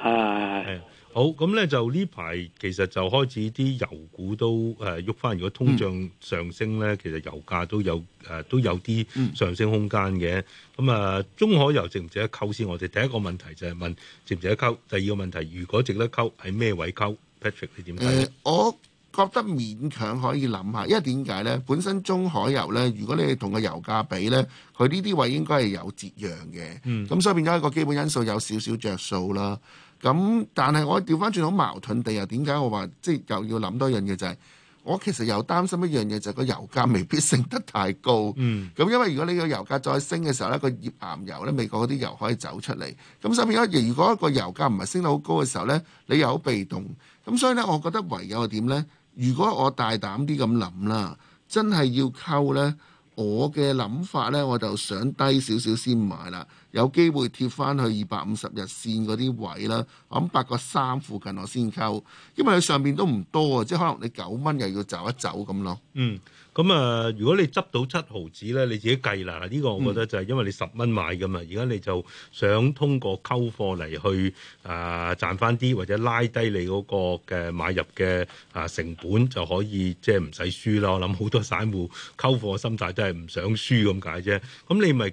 哎。好，咁咧就呢排，其實就開始啲油股都誒喐翻。如果通脹上升咧，嗯、其實油價都有誒都有啲上升空間嘅。咁啊、嗯嗯，中海油值唔值得溝先？我哋第一個問題就係問值唔值得溝。第二個問題，如果值得溝，係咩位溝？Patrick，你點睇、呃？我覺得勉強可以諗下，因為點解咧？本身中海油咧，如果你同個油價比咧，佢呢啲位應該係有折讓嘅。咁、嗯、所以變咗一個基本因素，有少少着數啦。咁，但係我調翻轉好矛盾地又點解我話即係又要諗多樣嘢就係、是，我其實又擔心一樣嘢就係個油價未必升得太高。嗯，咁因為如果你個油價再升嘅時候咧，個頁岩油咧，美國嗰啲油可以走出嚟。咁所以如果如果一個油價唔係升得好高嘅時候咧，你又好被動。咁所以咧，我覺得唯有點咧？如果我大膽啲咁諗啦，真係要溝咧，我嘅諗法咧，我就想低少少先買啦。有機會貼翻去二百五十日線嗰啲位啦，我諗八個三附近我先溝，因為佢上邊都唔多啊，即係可能你九蚊又要走一走咁咯，嗯。嗯，咁、嗯、啊，如果你執到七毫子咧，你自己計啦。呢、這個我覺得就係因為你十蚊買噶嘛，而家、嗯、你就想通過溝貨嚟去啊賺翻啲，或者拉低你嗰個嘅買入嘅啊成本就可以即係唔使輸啦。我諗好多散戶溝貨心態都係唔想輸咁解啫。咁、嗯、你咪。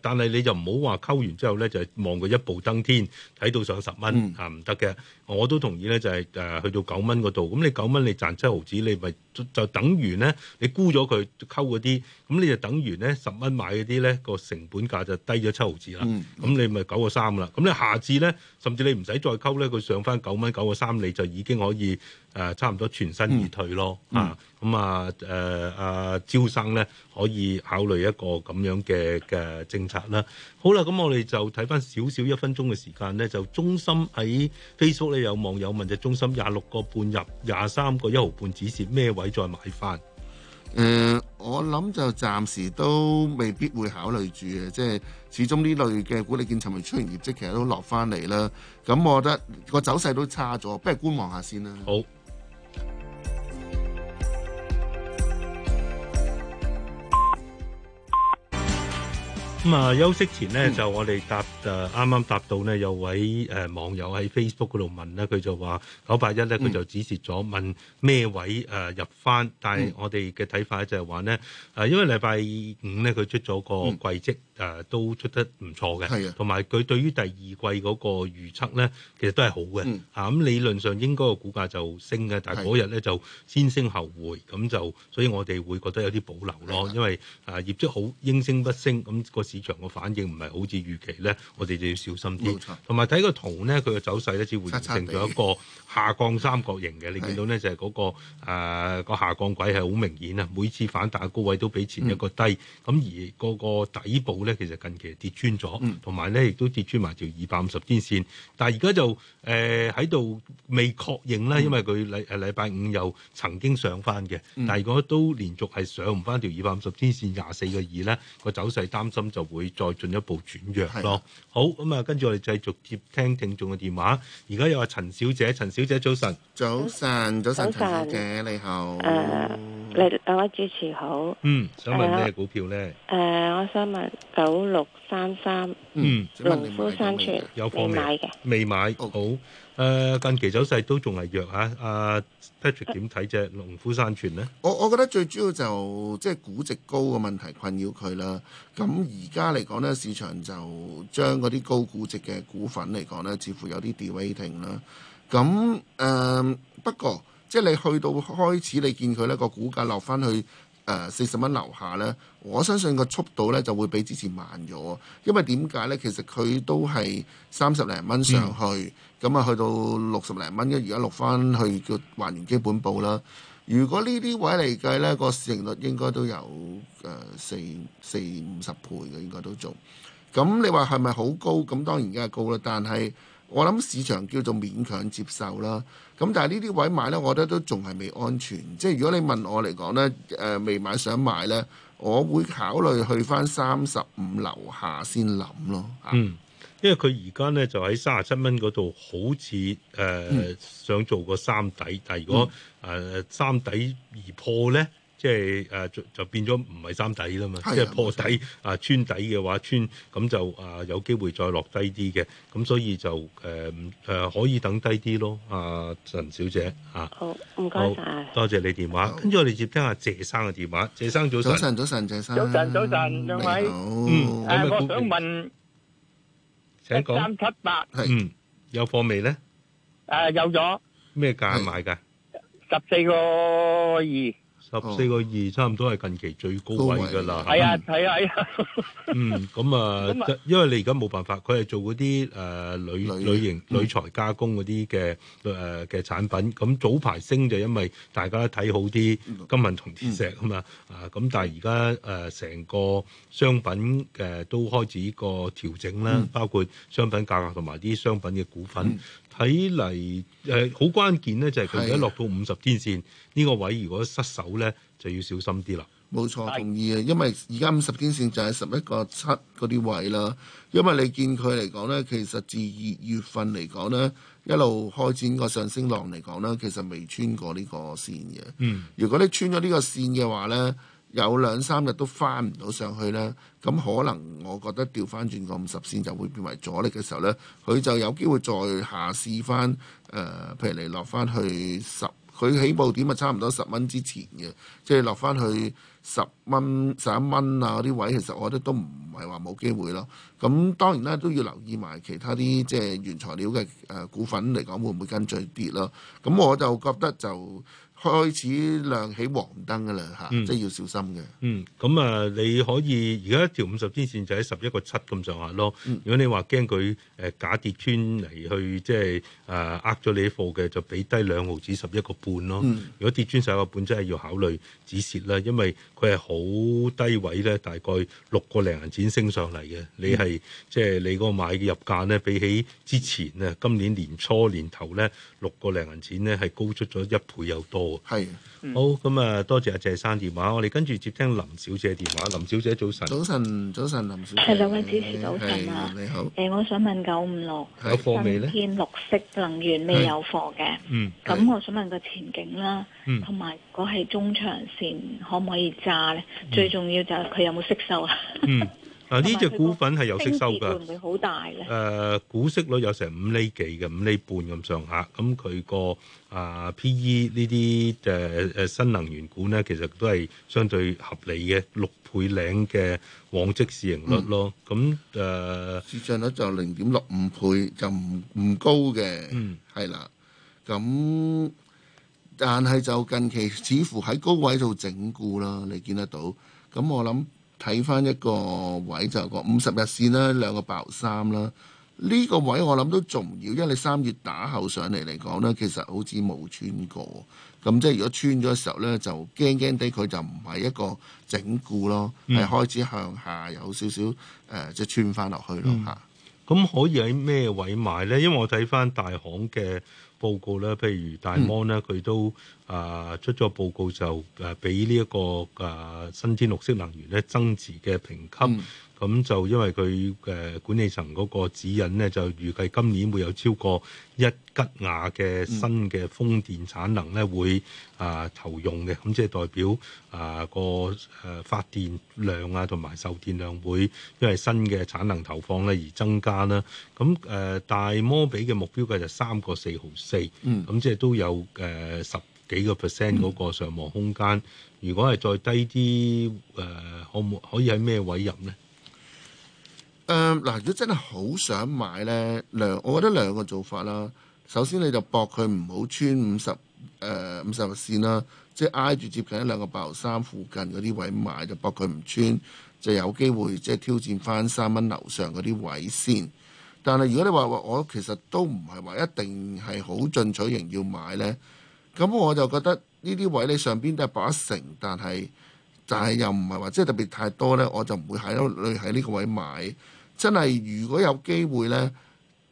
但係你就唔好話溝完之後咧，就係望佢一步登天，睇到上十蚊啊，唔得嘅。行我都同意咧，就係誒去到九蚊嗰度，咁你九蚊你賺七毫子，你咪就，就等於咧你沽咗佢溝嗰啲，咁你就等於咧十蚊買嗰啲咧個成本價就低咗七毫子啦。咁你咪九個三啦。咁你下次咧，甚至你唔使再溝咧，佢上翻九蚊九個三，你就已經可以誒、啊、差唔多全身而退咯。嗯、啊，咁啊誒啊招、啊、生咧可以考慮一個咁樣嘅嘅政策啦。好啦，咁我哋就睇翻少少一分鐘嘅時間咧，就中心喺 Facebook 有網友問隻中心廿六個半入廿三個一毫半止蝕，咩位再買翻？誒、呃，我諗就暫時都未必會考慮住嘅，即係始終呢類嘅股，你見尋日出完業績，其實都落翻嚟啦。咁我覺得個走勢都差咗，不如觀望下先啦。好。咁啊，休息前咧就我哋答誒啱啱答到咧，有位誒、呃、網友喺 Facebook 度問咧，佢就話九八一咧佢就指示咗問咩位誒、呃、入翻，但係我哋嘅睇法就係話咧誒因為禮拜五咧佢出咗個季績誒、啊、都出得唔錯嘅，同埋佢對於第二季嗰個預測咧其實都係好嘅嚇。咁、嗯啊、理論上應該個股價就升嘅，但係嗰日咧就先升後回，咁就所以我哋會覺得有啲保留咯，因為誒、啊、業績好應升不升，咁個時場個反應唔係好似預期咧，我哋就要小心啲。同埋睇個圖咧，佢個走勢咧只會形成咗一個下降三角形嘅。嗯、你見到咧就係、是、嗰、那個誒、呃、下降軌係好明顯啊！每次反彈高位都比前一個低，咁、嗯、而個個底部咧其實近期跌穿咗，同埋咧亦都跌穿埋條二百五十天線。但係而家就誒喺度未確認啦，因為佢禮誒禮，禮拜五又曾經上翻嘅，但係如果都連續係上唔翻條二百五十天線廿四個二咧，個走勢擔心就會再進一步轉弱咯。好，咁啊，跟住我哋繼續接聽聽眾嘅電話。而家有啊，陳小姐，陳小姐早晨。早晨，早晨，陳小姐你好。誒，你兩位主持好。嗯，想問咩股票咧？誒，我想問九六三三。嗯，農夫山泉。有冇買嘅？未買嘅。未買。好。誒、uh, 近期走勢都仲係弱嚇，阿、uh, Patrick 點睇隻農夫山泉咧？我我覺得最主要就即係估值高嘅問題困擾佢啦。咁而家嚟講咧，市場就將嗰啲高估值嘅股份嚟講咧，似乎有啲 de-rating 啦。咁誒、uh, 不過，即、就、係、是、你去到開始你，你見佢咧個股價落返去，誒四十蚊樓下呢，我相信個速度呢就會比之前慢咗，因為點解呢？其實佢都係三十零蚊上去，咁啊、嗯、去到六十零蚊嘅，而家落翻去叫還原基本步啦。如果呢啲位嚟計呢，個市盈率應該都有誒四四五十倍嘅，應該都做。咁你話係咪好高？咁當然而家係高啦，但係我諗市場叫做勉強接受啦。咁但係呢啲位買咧，我覺得都仲係未安全。即係如果你問我嚟講咧，誒、呃、未買想買咧，我會考慮去返三十五樓下先諗咯。嗯，因為佢而家咧就喺三十七蚊嗰度，好似誒想做個三底，但係如果誒、嗯呃、三底而破咧。即係誒就變咗唔係三底啦嘛，即係破底啊穿底嘅話穿咁就啊有機會再落低啲嘅，咁所以就誒誒可以等低啲咯，阿陳小姐嚇。好，唔該曬，多謝你電話。跟住我哋接聽下謝生嘅電話。謝生早晨。早晨早晨，謝生。早晨早晨，兩位。嗯。誒，我想問。請講。一三七八。嗯。有貨未咧？誒有咗。咩價買㗎？十四個二。十四個二差唔多係近期最高位㗎啦，係啊係啊係啊！嗯，咁啊，因為你而家冇辦法，佢係做嗰啲誒鋁鋁型鋁材加工嗰啲嘅誒嘅產品。咁早排升就因為大家睇好啲金銀銅鐵石啊嘛，啊咁但係而家誒成個商品誒都開始個調整啦，包括商品價格同埋啲商品嘅股份。睇嚟誒好關鍵咧，就係佢而家落到五十天線呢是個位，如果失守咧，就要小心啲啦。冇錯，同意啊！因為而家五十天線就係十一個七嗰啲位啦。因為你見佢嚟講咧，其實自二月份嚟講咧，一路開展個上升浪嚟講咧，其實未穿過呢個線嘅。嗯，如果你穿咗呢個線嘅話咧。有兩三日都翻唔到上去啦，咁可能我覺得調翻轉個五十線就會變為阻力嘅時候呢，佢就有機會再下試翻誒、呃，譬如你落翻去十，佢起步點咪差唔多十蚊之前嘅，即係落翻去十蚊、十一蚊啊嗰啲位，其實我覺得都唔係話冇機會咯。咁、嗯、當然啦，都要留意埋其他啲即係原材料嘅誒、呃、股份嚟講會唔會跟住跌咯。咁、嗯、我就覺得就開始亮起黃燈㗎啦嚇，嗯、即係要小心嘅、嗯。嗯，咁、嗯、啊，你可以而家一條五十天線就喺十一個七咁上下咯。如果你話驚佢誒假跌穿嚟去，即係誒呃咗你啲貨嘅，就俾低兩毫子十一個半咯。嗯、如果跌穿十一個半，真係要考慮止蝕啦，因為佢係好低位咧，大概六個零銀錢升上嚟嘅。你係即係你嗰個買嘅入價咧，比起之前咧，今年年初年頭咧，六個零銀錢咧係高出咗一倍又多。係，嗯、好，咁啊，多謝阿謝生電話，我哋跟住接聽林小姐電話。林小姐早晨，早晨，早晨，林小姐，係兩位主持早晨啊，你好。誒、欸，我想問九五六，有貨未咧？新天綠色能源未有貨嘅，嗯，咁我想問個前景啦，同埋如果係中長線可唔可以揸咧？嗯、最重要就係佢有冇息收啊？ 嗱呢隻股份係有息收㗎，誒、呃、股息率有成五厘幾嘅，五厘半咁上下。咁、啊、佢個啊 P E 呢啲誒誒新能源股咧，其實都係相對合理嘅六倍領嘅往績市盈率、嗯、咯。咁、啊、誒市賬率就零點六五倍，就唔唔高嘅，係、嗯、啦。咁但係就近期似乎喺高位度整固啦，你見得到。咁我諗。睇翻一個位就個五十日線啦，兩個百六三啦，呢個位我諗都重要，因為你三月打後上嚟嚟講咧，其實好似冇穿過，咁即係如果穿咗嘅時候呢，就驚驚地佢就唔係一個整固咯，係、嗯、開始向下有少少誒即係穿翻落去咯，吓，咁可以喺咩位買呢？因為我睇翻大行嘅。報告咧，譬如大摩咧，佢都啊、呃、出咗報告就，就誒俾呢一個誒、呃、新天綠色能源咧增持嘅評級。嗯咁就因為佢誒管理層嗰個指引咧，就預計今年會有超過一吉瓦嘅新嘅風電產能咧會啊投用嘅，咁即係代表啊個誒發電量啊同埋售電量會因為新嘅產能投放咧而增加啦。咁誒、啊、大摩俾嘅目標價就三個四毫四，咁即係都有誒、啊、十幾個 percent 嗰、那個上望空間。如果係再低啲誒、啊，可唔可以喺咩位入咧？誒嗱、呃，如果真係好想買呢，兩我覺得兩個做法啦。首先你就搏佢唔好穿五十、誒五十日線啦，即係挨住接近一兩個百六三附近嗰啲位買，就搏佢唔穿，就有機會即係挑戰翻三蚊樓上嗰啲位先。但係如果你話我其實都唔係話一定係好進取型要買呢，咁我就覺得呢啲位你上邊都係百一成，但係但係又唔係話即係特別太多呢，我就唔會喺喺呢個位買。真係如果有機會呢，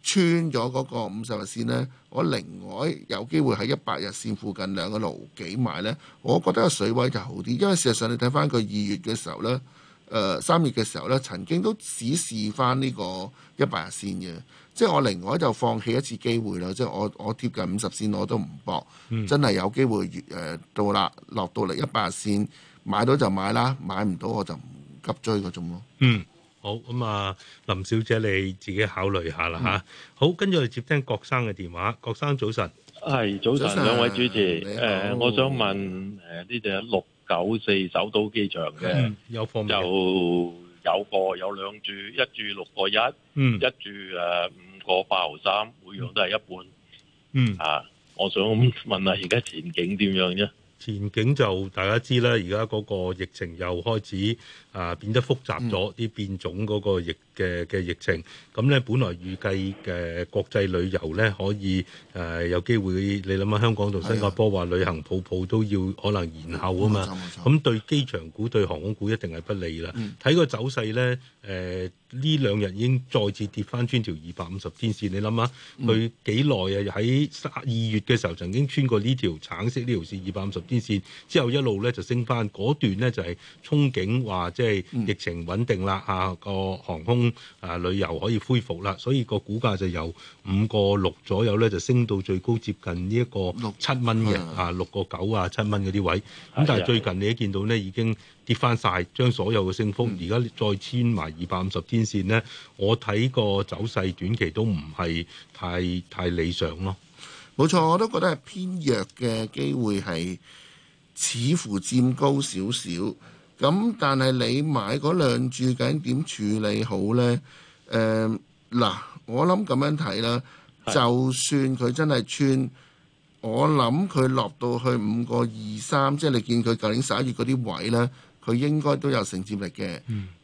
穿咗嗰個五十日線呢，我另外有機會喺一百日線附近兩個奴幾買呢。我覺得水位就好啲。因為事實上你睇翻佢二月嘅時候呢，呃、三月嘅時候呢，曾經都試翻呢個一百日線嘅，即係我另外就放棄一次機會啦。即係我我貼近五十線我都唔搏，嗯、真係有機會誒到啦，落到嚟一百日線買到就買啦，買唔到我就唔急追嗰種咯。嗯。好咁啊，林小姐你自己考慮下啦吓。好，跟住我接聽郭生嘅電話。郭生早晨，係早晨，兩位主持。誒，我想問誒，呢隻六九四首都機場嘅，有冇就有過有兩注，一注六個一，嗯，一注誒五個八毫三，每樣都係一半，嗯啊，我想問下而家前景點樣啫？前景就大家知啦，而家嗰個疫情又開始。啊，變得複雜咗啲變種嗰個疫嘅嘅疫情，咁咧本來預計嘅國際旅遊咧可以誒，有機會，你諗下香港同新加坡話旅行泡泡都要可能延後啊嘛，咁對機場股對航空股一定係不利啦。睇個走勢咧，誒呢兩日已經再次跌翻穿條二百五十天線，你諗下佢幾耐啊？喺二月嘅時候曾經穿過呢條橙色呢條線二百五十天線之後一路咧就升翻嗰段咧就係憧憬話。即即係、嗯、疫情穩定啦，嚇、啊、個航空啊旅遊可以恢復啦，所以個股價就由五個六左右咧，就升到最高接近呢一個六七蚊嘅啊，六個九啊七蚊嗰啲位。咁的但係最近你都見到呢，已經跌翻晒，將所有嘅升幅，而家、嗯、再穿埋二百五十天線呢。我睇個走勢短期都唔係太太理想咯。冇錯，我都覺得係偏弱嘅機會係似乎佔高少少。咁但係你買嗰兩注究竟點處理好呢？誒、呃、嗱，我諗咁樣睇啦。是就算佢真係穿，我諗佢落到去五個二三，3, 嗯、即係你見佢舊年十一月嗰啲位呢，佢應該都有承接力嘅。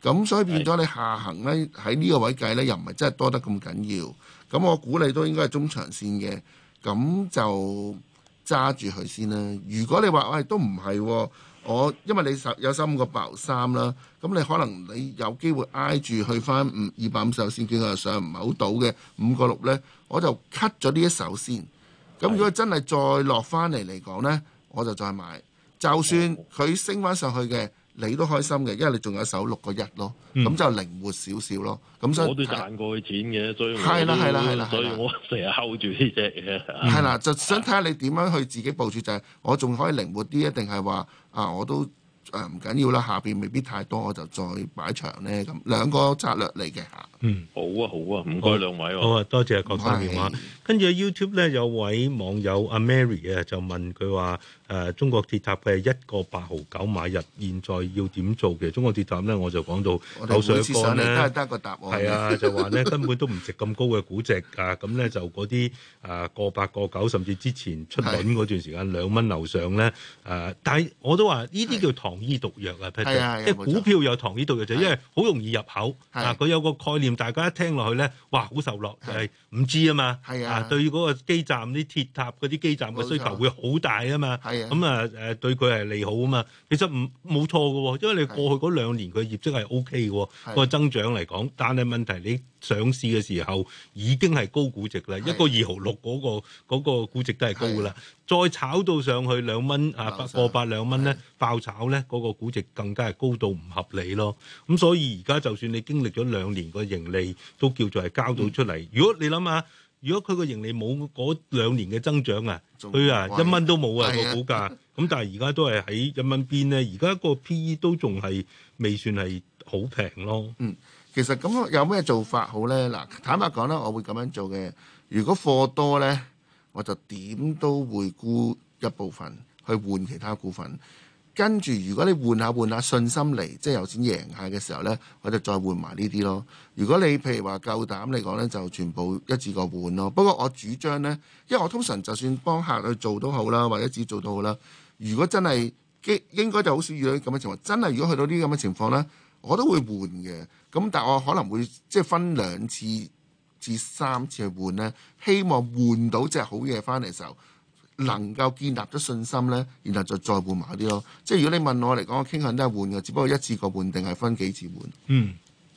咁、嗯、所以變咗你下行呢，喺呢個位計呢，又唔係真係多得咁緊要。咁我估你都應該係中長線嘅，咁就揸住佢先啦。如果你話喂、哎、都唔係、哦。我因為你十有三個百三啦，咁你可能你有機會挨住去翻五二百五十先，佢上。唔係好到嘅五個六呢，我就 cut 咗呢一手先。咁如果真係再落翻嚟嚟講呢，我就再買。就算佢升翻上去嘅。你都開心嘅，因為你仲有一手六個一咯，咁、嗯、就靈活少少咯。咁所以我都賺過錢嘅，所以係啦係啦係啦，所以我成日睺住呢隻嘢。係啦，就想睇下你點樣去自己部署，就係、是、我仲可以靈活啲，一定係話啊我都誒唔緊要啦，下邊未必太多，我就再擺長咧，咁兩個策略嚟嘅嚇。啊、嗯好、啊，好啊好啊，唔該兩位。好啊，多謝各位朋友。是跟住喺 YouTube 咧有位網友阿、啊、Mary 啊就問佢話。誒中國鐵塔佢係一個八毫九買入，現在要點做？嘅中國鐵塔咧，我就講到樓上講咧，得一個答案。係啊，就話咧根本都唔值咁高嘅估值啊！咁咧就嗰啲誒個八個九，甚至之前出品嗰段時間兩蚊樓上咧誒，但係我都話呢啲叫糖衣毒藥啊！即係股票有糖衣毒藥，就因為好容易入口啊！佢有個概念，大家一聽落去咧，哇好受落，就係唔知啊嘛啊！對嗰個基站、啲鐵塔嗰啲基站嘅需求會好大啊嘛！咁啊誒對佢係利好啊嘛，其實唔冇錯㗎喎，因為你過去嗰兩年佢是的 業績係 O K 嘅喎，是的 個增長嚟講。但係問題你上市嘅時候已經係高估值啦，是的 一個二毫六嗰、嗰個嗰個估值都係高啦，是的 再炒到上去兩蚊啊八個八兩蚊咧爆炒咧，嗰、嗰個估值更加係高到唔合理咯。咁所以而家就算你經歷咗兩年個盈利都叫做係交到出嚟。嗯、如果你諗下。如果佢個盈利冇嗰兩年嘅增長是啊，佢啊一蚊都冇啊個股價，咁但係而家都係喺一蚊邊咧，而家個 PE 都仲係未算係好平咯。嗯，其實咁有咩做法好咧？嗱，坦白講咧，我會咁樣做嘅。如果貨多咧，我就點都會沽一部分去換其他股份。跟住，如果你換下換下信心嚟，即係有錢贏下嘅時候呢，我就再換埋呢啲咯。如果你譬如話夠膽你講呢就全部一次過換咯。不過我主張呢，因為我通常就算幫客去做都好啦，或者自己做到好啦。如果真係應應該就好少遇到啲咁嘅情況。真係如果去到啲咁嘅情況呢，我都會換嘅。咁但係我可能會即係分兩次至三次去換呢，希望換到隻好嘢翻嚟時候。能夠建立咗信心呢，然後就再換埋啲咯。即係如果你問我嚟講，我傾向都係換嘅，只不過一次過換定係分幾次換？嗯，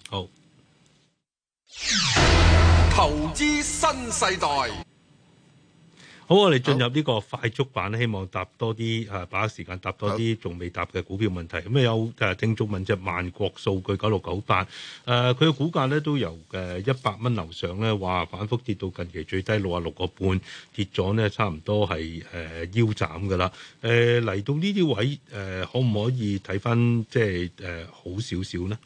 好。投資新世代。好，我哋進入呢個快速版，希望答多啲，啊，把握時間答多啲，仲未答嘅股票問題。咁啊好有誒聽眾問啫，萬國數據九六九八，誒佢嘅股價咧都由誒一百蚊樓上咧，話反覆跌到近期最低六十六個半，跌咗咧差唔多係誒、呃、腰斬噶啦。誒、呃、嚟到呢啲位，誒、呃、可唔可以睇返即係誒好少少呢。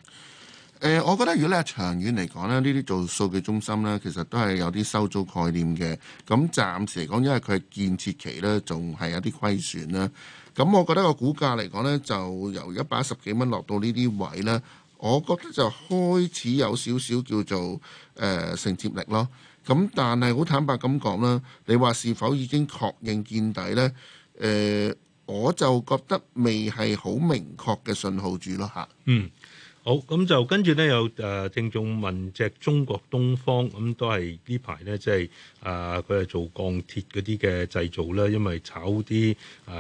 誒、呃，我覺得如果你係長遠嚟講咧，呢啲做數據中心咧，其實都係有啲收租概念嘅。咁暫時嚟講，因為佢係建設期咧，仲係有啲虧損啦。咁我覺得個股價嚟講咧，就由一百十幾蚊落到呢啲位咧，我覺得就開始有少少叫做誒承、呃、接力咯。咁但係好坦白咁講啦，你話是否已經確認見底咧？誒、呃，我就覺得未係好明確嘅信號住咯嚇。嗯。好，咁就跟住咧，有誒聽眾問隻中國東方咁、嗯，都係呢排咧，即係啊，佢係做鋼鐵嗰啲嘅製造啦。因為炒啲啊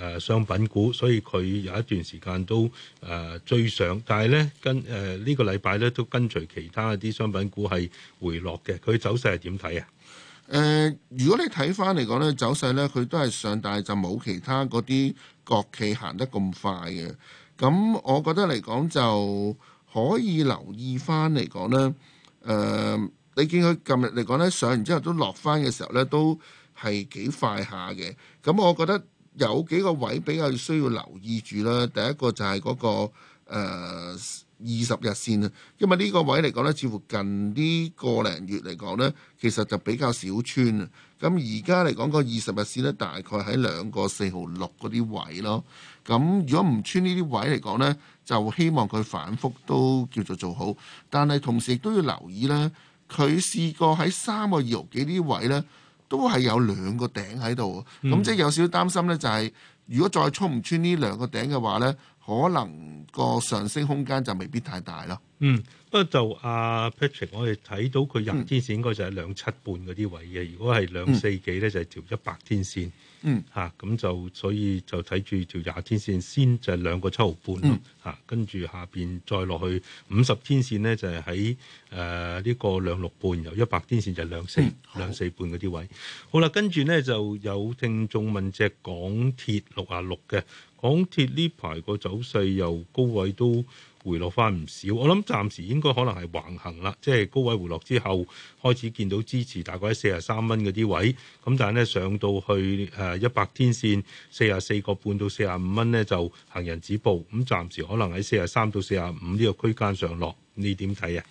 啊商品股，所以佢有一段時間都誒追、呃、上，但係咧，跟誒、呃這個、呢個禮拜咧都跟隨其他啲商品股係回落嘅。佢走勢係點睇啊？誒、呃，如果你睇翻嚟講咧，走勢咧，佢都係上，但係就冇其他嗰啲國企行得咁快嘅。咁我覺得嚟講就可以留意翻嚟講咧，誒、呃，你見佢近日嚟講呢，上完之後都落翻嘅時候呢，都係幾快下嘅。咁我覺得有幾個位比較需要留意住啦。第一個就係嗰、那個二十、呃、日線啊，因為呢個位嚟講呢，似乎近啲個零月嚟講呢，其實就比較少穿啊。咁而家嚟講個二十日線呢，大概喺兩個四毫六嗰啲位咯。咁如果唔穿呢啲位嚟講呢，就希望佢反覆都叫做做好。但係同時亦都要留意呢，佢試過喺三個二幾啲位呢，都係有兩個頂喺度。咁、嗯、即係有少少擔心呢，就係、是、如果再衝唔穿呢兩個頂嘅話呢，可能個上升空間就未必太大咯。嗯，不過就阿、啊、Patrick，我哋睇到佢廿天線應該就係兩、嗯、七半嗰啲位嘅，如果係兩四幾呢，就係條一百天線。嗯，嚇咁、啊、就所以就睇住條廿天線先就 5,、嗯，就兩個七毫半咯，跟住下邊再落去五十天線呢，就喺誒呢個兩六半，由一百天線就兩四兩四半嗰啲位。好啦，跟住呢就有聽眾問隻港鐵六啊六嘅。港鐵呢排個走勢又高位都回落翻唔少，我諗暫時應該可能係橫行啦，即係高位回落之後開始見到支持，大概喺四十三蚊嗰啲位咁，但係呢，上到去誒一百天線四十四個半到四十五蚊呢，就行人止步咁，暫時可能喺四十三到四十五呢個區間上落。你點睇啊？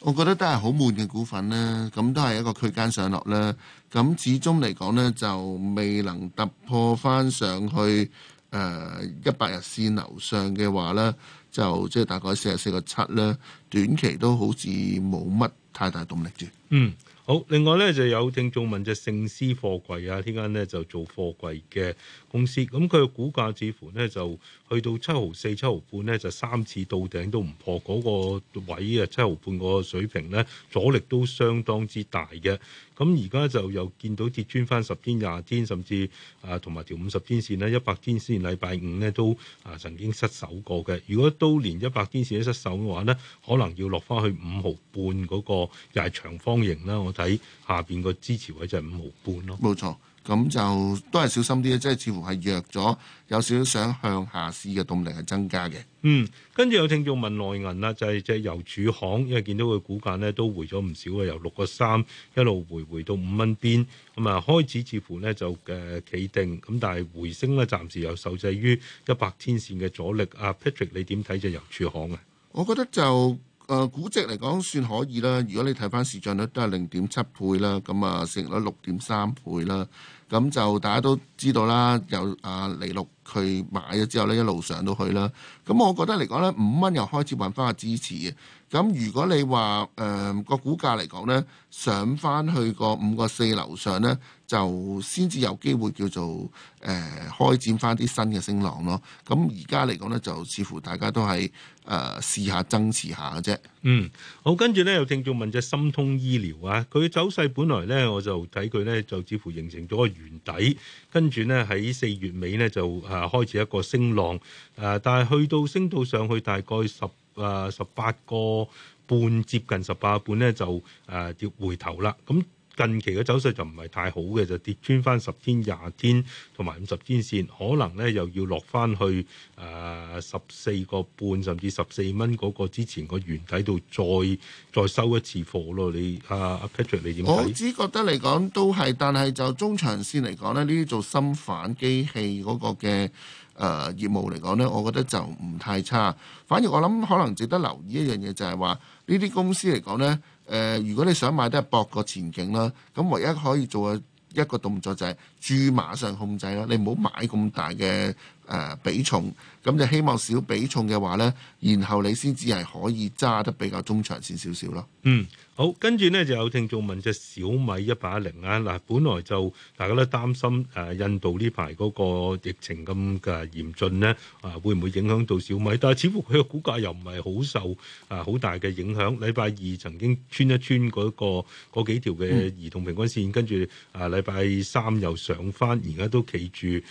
我覺得都係好悶嘅股份呢、啊，咁都係一個區間上落啦。咁始終嚟講呢，就未能突破翻上去。誒一百日線樓上嘅話咧，就即係、就是、大概四十四個七咧，短期都好似冇乜太大動力住。嗯，好。另外咧就有聽眾問隻勝獅貨櫃啊，呢間咧就做貨櫃嘅公司，咁佢嘅股價似乎咧就去到七毫四、七毫半咧，就三次到頂都唔破嗰個位啊，七毫半個水平咧，阻力都相當之大嘅。咁而家就又見到跌穿翻十天、廿天，甚至啊同埋條五十天線咧、一百天線。禮拜五咧都啊曾經失守過嘅。如果都連一百天線都失守嘅話咧，可能要落翻去五毫半嗰個又係長方形啦。我睇下邊個支持位就係五毫半咯。冇錯。咁就都係小心啲，即係似乎係弱咗，有少少想向下試嘅動力係增加嘅。嗯，跟住有聽眾問內銀啦，就係即係郵儲行，因為見到佢股價咧都回咗唔少啊，由六個三一路回回到五蚊邊。咁啊，開始似乎咧就嘅、呃、企定，咁但係回升咧暫時又受制於一百天線嘅阻力。啊 Patrick 你點睇就郵儲行啊？我覺得就。誒估、呃、值嚟講算可以啦，如果你睇翻市漲率都係零點七倍啦，咁啊市盈率六點三倍啦，咁就大家都知道啦，有啊李陸。佢買咗之後呢一路上到去啦。咁、嗯、我覺得嚟講呢五蚊又開始揾翻個支持嘅。咁、嗯、如果你話誒個股價嚟講呢上翻去個五個四樓上呢就先至有機會叫做誒、呃、開展翻啲新嘅升浪咯。咁而家嚟講呢就似乎大家都係誒試下增持下啫。嗯，好，跟住呢，又聽眾問隻心通醫療啊，佢走勢本來呢，我就睇佢呢，就似乎形成咗個圓底，跟住呢，喺四月尾呢，就。啊啊，開始一個升浪，誒、呃，但係去到升到上去大概十誒、呃、十八個半，接近十八個半咧，就誒跌、呃、回頭啦，咁、嗯。近期嘅走勢就唔係太好嘅，就跌穿翻十天、廿天同埋五十天線，可能咧又要落翻去誒十四個半甚至十四蚊嗰個之前個原底度再再收一次貨咯。你阿阿、啊、Patrick 你點睇？我只覺得嚟講都係，但係就中長線嚟講咧，呢啲做深反機器嗰個嘅誒、呃、業務嚟講咧，我覺得就唔太差。反而我諗可能值得留意一樣嘢就係話呢啲公司嚟講咧。誒、呃，如果你想買得係搏個前景啦，咁唯一可以做嘅一個動作就係注碼上控制啦，你唔好買咁大嘅誒、呃、比重，咁就希望少比重嘅話咧，然後你先至係可以揸得比較中長線少少咯。嗯。好，跟住咧就有聽眾問隻小米一八一零啊。嗱，本來就大家都擔心誒、啊、印度呢排嗰個疫情咁嘅嚴峻咧，啊會唔會影響到小米？但係似乎佢嘅股價又唔係好受啊好大嘅影響。禮拜二曾經穿一穿嗰、嗰個嗰幾條嘅移動平均線，跟住、嗯、啊禮拜三又上返，而家都企住誒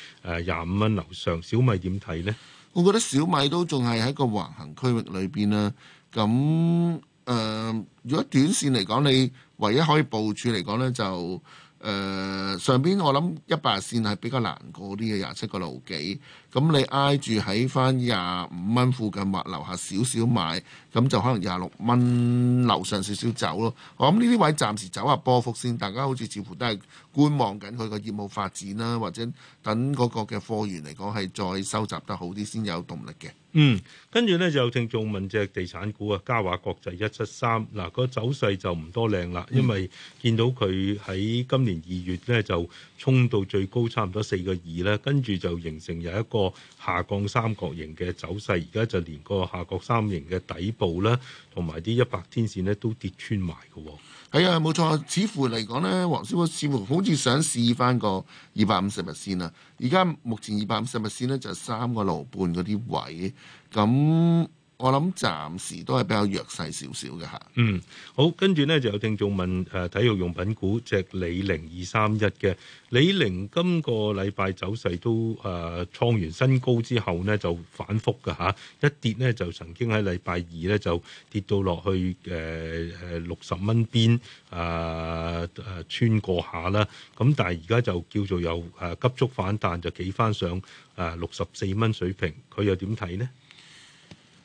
廿五蚊樓上。小米點睇呢？我覺得小米都仲係喺個橫行區域裏邊啊，咁。誒、呃，如果短線嚟講，你唯一可以部署嚟講咧，就誒、呃、上邊我諗一百日線係比較難過啲嘅，廿七個六幾。咁你挨住喺翻廿五蚊附近或樓下少少買，咁就可能廿六蚊樓上少少走咯。我諗呢啲位暫時走下波幅先，大家好似似乎都係觀望緊佢個業務發展啦，或者等嗰個嘅貨源嚟講係再收集得好啲先有動力嘅。嗯，跟住呢，就有聽眾問隻地產股啊，嘉華國際一七三嗱，個走勢就唔多靚啦，因為見到佢喺今年二月呢就衝到最高差唔多四個二啦。跟住就形成有一個。下降三角形嘅走勢，而家就連個下降三角形嘅底部啦，同埋啲一百天線咧都跌穿埋嘅、哦。係啊，冇錯，似乎嚟講咧，黃師傅似乎好似想試翻個二百五十日線啊！而家目前二百五十日線咧就三個羅半嗰啲位咁。我諗暫時都係比較弱勢少少嘅吓。嗯，好，跟住呢，就有聽眾問誒、呃，體育用品股隻李寧二三一嘅李寧，今、就是、個禮拜走勢都誒創、呃、完新高之後呢，就反覆嘅吓，一跌呢，就曾經喺禮拜二呢，就跌到落去誒誒六十蚊邊誒誒穿過下啦，咁但係而家就叫做有誒急速反彈，就企翻上誒六十四蚊水平，佢又點睇呢？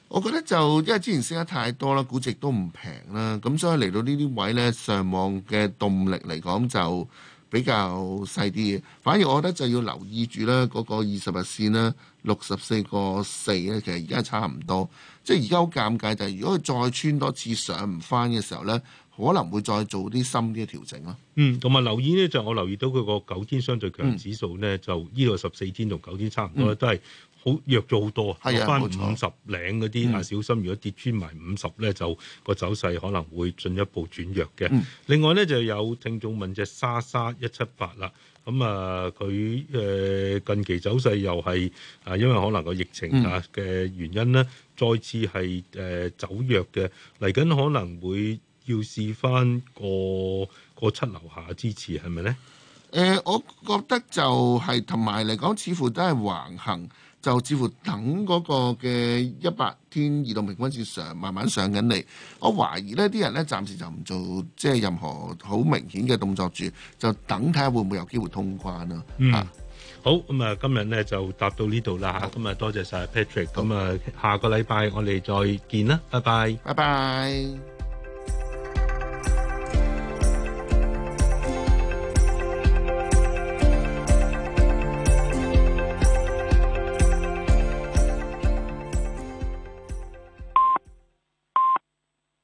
我覺得就因為之前升得太多啦，估值都唔平啦，咁所以嚟到呢啲位呢，上望嘅動力嚟講就比較細啲。反而我覺得就要留意住咧嗰個二十日線咧，六十四個四呢，其實而家差唔多。即係而家好尷尬就係、是、如果佢再穿多次上唔翻嘅時候呢，可能會再做啲深啲嘅調整咯。嗯，同埋留意呢，就是、我留意到佢個九天相對強指數呢，嗯、就依度十四天同九天差唔多，嗯、都係。弱咗好多，係啊，翻五十零嗰啲啊，冇錯，小心，如果跌穿埋五十咧，就個走勢可能會進一步轉弱嘅。嗯、另外咧，就有聽眾問隻莎莎一七八啦，咁、嗯、啊佢誒、呃、近期走勢又係啊，因為可能個疫情啊嘅原因咧，嗯、再次係誒、呃、走弱嘅，嚟緊可能會要試翻個個七樓下支持係咪咧？誒、呃，我覺得就係，同埋嚟講，似乎都係橫行。就似乎等嗰個嘅一百天移動平均線上慢慢上緊嚟，我懷疑呢啲人咧暫時就唔做即係任何好明顯嘅動作住，就等睇下會唔會有機會通關啊？嗯，好咁啊，嗯，今日咧就答到呢度啦嚇，咁啊好多謝晒 Patrick，咁啊好下個禮拜我哋再見啦，拜拜，拜拜。